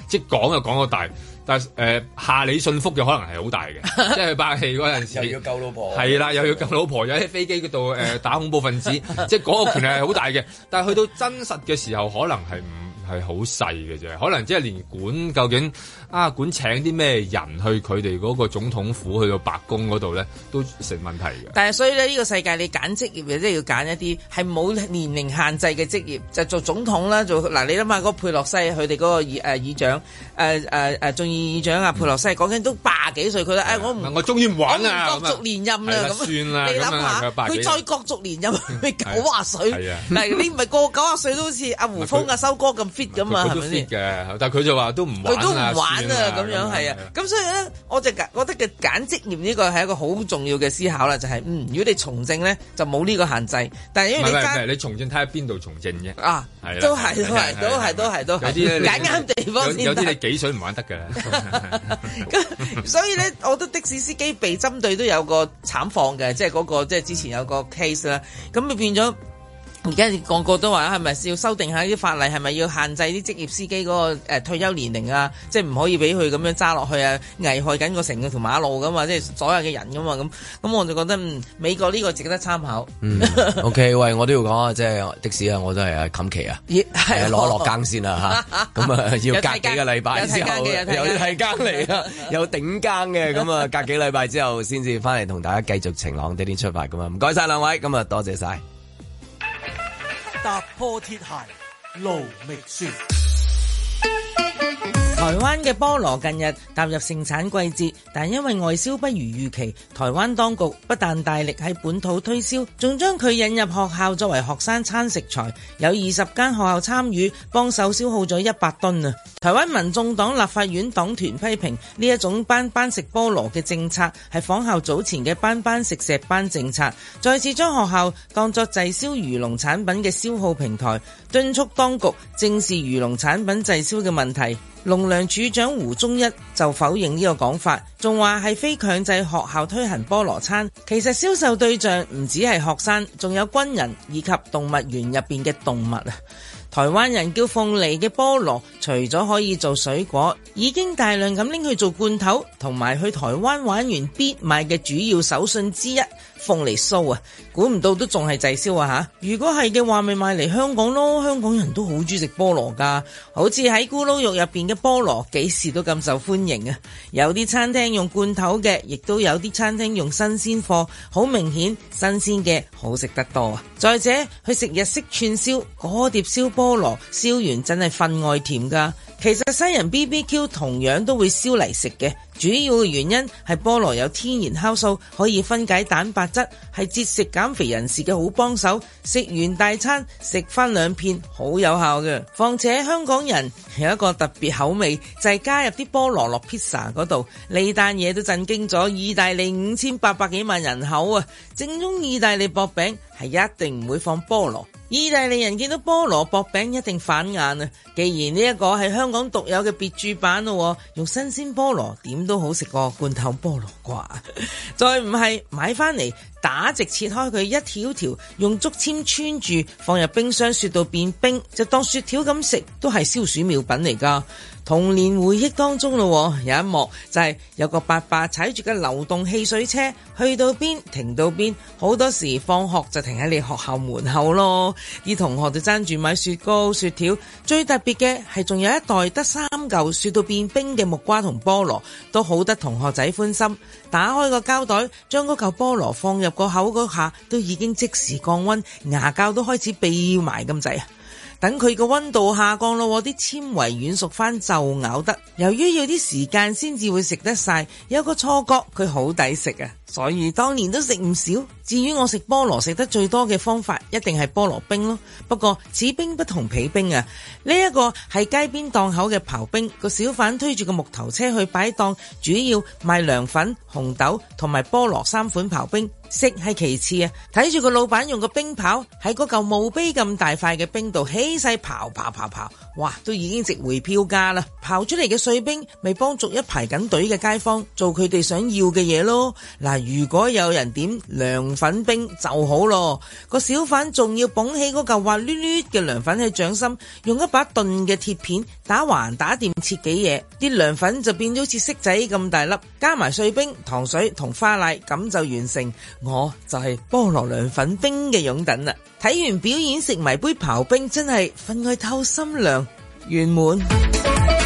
即係講又講咗大，但係誒下你信服嘅可能係好大嘅， 即係霸氣嗰陣時又要救老婆，係啦又要救老婆， 又喺飛機度誒打恐怖分子， 即係個權力係好大嘅，但係去到真實嘅時候可能係唔係好細嘅啫，可能即係連管究竟啊，管請啲咩人去佢哋嗰個總統府去到白宮嗰度咧，都成問題嘅。但係所以咧，呢個世界你揀職業，你真係要揀一啲係冇年齡限制嘅職業，就做總統啦，做嗱、啊、你諗下嗰個佩洛西佢哋嗰個議誒、呃、議長。誒誒誒，眾議長阿佩洛西講緊都八幾歲佢啦，誒我唔，我終於唔玩啊，我唔角逐連任啦，咁。算啦，你諗下，佢再角逐連任咩九啊歲？係啊，嗱，你唔係個九啊歲都好似阿胡楓啊修哥咁 fit 咁嘛，係咪先？但係佢就話都唔，佢都唔玩啊，咁樣係啊，咁所以咧，我就揀，覺得嘅揀職業呢個係一個好重要嘅思考啦，就係如果你從政咧，就冇呢個限制，但係因為你從政睇下邊度從政啫。啊，都係、哎、 都係、啊啊、都係都係都。揀啱地方先。俾水唔玩得嘅，咁所以咧，我覺得的士司機被針對都有個慘況嘅，即係嗰個，即係之前有個 case 啦，咁就變咗。而家個個都話，係咪要修訂下啲法例？係咪要限制啲職業司機嗰個誒退休年齡啊？即係唔可以俾佢咁樣揸落去啊！危害緊個成個條馬路噶嘛，即係所有嘅人噶嘛。咁、嗯、咁，我就覺得、嗯、美國呢個值得參考。嗯，OK， 喂，我都要講啊，即係的士啊，我都係啊，冚旗啊，攞落更先啦吓，咁啊，要隔幾個禮拜之後， 有替更嚟啊，有頂更嘅咁啊，隔， 隔幾個禮拜之後先至翻嚟同大家繼續晴朗啲啲出發咁啊！唔該晒兩位，咁啊，多謝晒。踏破鐵鞋路未絕。台灣嘅菠蘿近日踏入盛產季節，但因為外銷不如預期，台灣當局不但大力喺本土推銷，仲將佢引入學校作為學生餐食材，有二十間學校參與，幫手消耗咗一百噸啊！台灣民眾黨立法院黨團批評呢一種班班食菠蘿嘅政策，係仿效早前嘅班班食石斑政策，再次將學校當作滯銷魚農產品嘅消耗平台，敦促當局正視魚農產品滯銷嘅問題。農糧署長胡忠一就否認呢個講法，仲話係非強制學校推行菠蘿餐，其實銷售對象唔止係學生，仲有軍人以及動物園入邊嘅動物啊。台灣人叫鳳梨嘅菠蘿，除咗可以做水果，已經大量咁拎去做罐頭，同埋去台灣玩完必買嘅主要手信之一。鳳梨酥啊，估唔到都仲係滯銷啊吓！如果係嘅話，咪賣嚟香港咯。香港人都好中意食菠蘿噶，好似喺咕嚕肉入邊嘅菠蘿，幾時都咁受歡迎啊！有啲餐廳用罐頭嘅，亦都有啲餐廳用新鮮貨，好明顯新鮮嘅好食得多啊！再者去食日式串燒，嗰、那個、碟燒菠蘿燒完真係分外甜噶。其實西人 BBQ 同樣都會燒嚟食嘅。主要嘅原因係菠蘿有天然酵素，可以分解蛋白質，係節食減肥人士嘅好幫手。食完大餐食翻兩片，好有效嘅。況且香港人有一個特別口味，就係加入啲菠蘿落披薩嗰度，呢單嘢都震驚咗意大利五千八百幾萬人口啊！正宗意大利薄餅係一定唔會放菠蘿，意大利人見到菠蘿薄餅一定反眼啊！既然呢一個係香港獨有嘅別注版咯，用新鮮菠蘿點？都好食過罐頭菠蘿啩， 再唔係買翻嚟打直切開佢一條條，用竹籤穿住放入冰箱雪度變冰，就當雪條咁食，都係消暑妙品嚟噶。童年回憶當中咯，有一幕就係有個伯伯踩住嘅流動汽水車，去到邊停到邊，好多時放學就停喺你學校門口咯。啲同學就爭住買雪糕、雪條，最特別嘅係仲有一袋得三嚿雪到變冰嘅木瓜同菠蘿，都好得同學仔歡心。打開個膠袋，將嗰嚿菠蘿放入個口嗰下，都已經即時降温，牙膠都開始避埋咁滯啊！等佢個温度下降咯，啲纖維軟熟翻就咬得。由於要啲時間先至會食得曬，有個錯覺佢好抵食啊！所以當年都食唔少。至於我食菠蘿食得最多嘅方法，一定係菠蘿冰咯。不過此冰不同彼冰啊，呢一個係街邊檔口嘅刨冰，個小販推住個木頭車去擺檔，主要賣涼粉、紅豆同埋菠蘿三款刨冰，食係其次啊。睇住個老闆用個冰刨喺嗰嚿墓碑咁大塊嘅冰度起勢刨刨刨刨刨，哇！都已經值回票價啦。刨出嚟嘅碎冰，咪幫助一排緊隊嘅街坊做佢哋想要嘅嘢咯。嗱。如果有人點涼粉冰就好咯，個小販仲要捧起嗰嚿滑溜溜嘅涼粉喺掌心，用一把鈍嘅鐵片打橫打掂，切幾嘢，啲涼粉就變咗好似骰仔咁大粒，加埋碎冰、糖水同花奶，咁就完成。我就係菠蘿涼粉冰嘅擁躉啦。睇完表演食埋杯刨冰，真係份外透心涼，圓滿。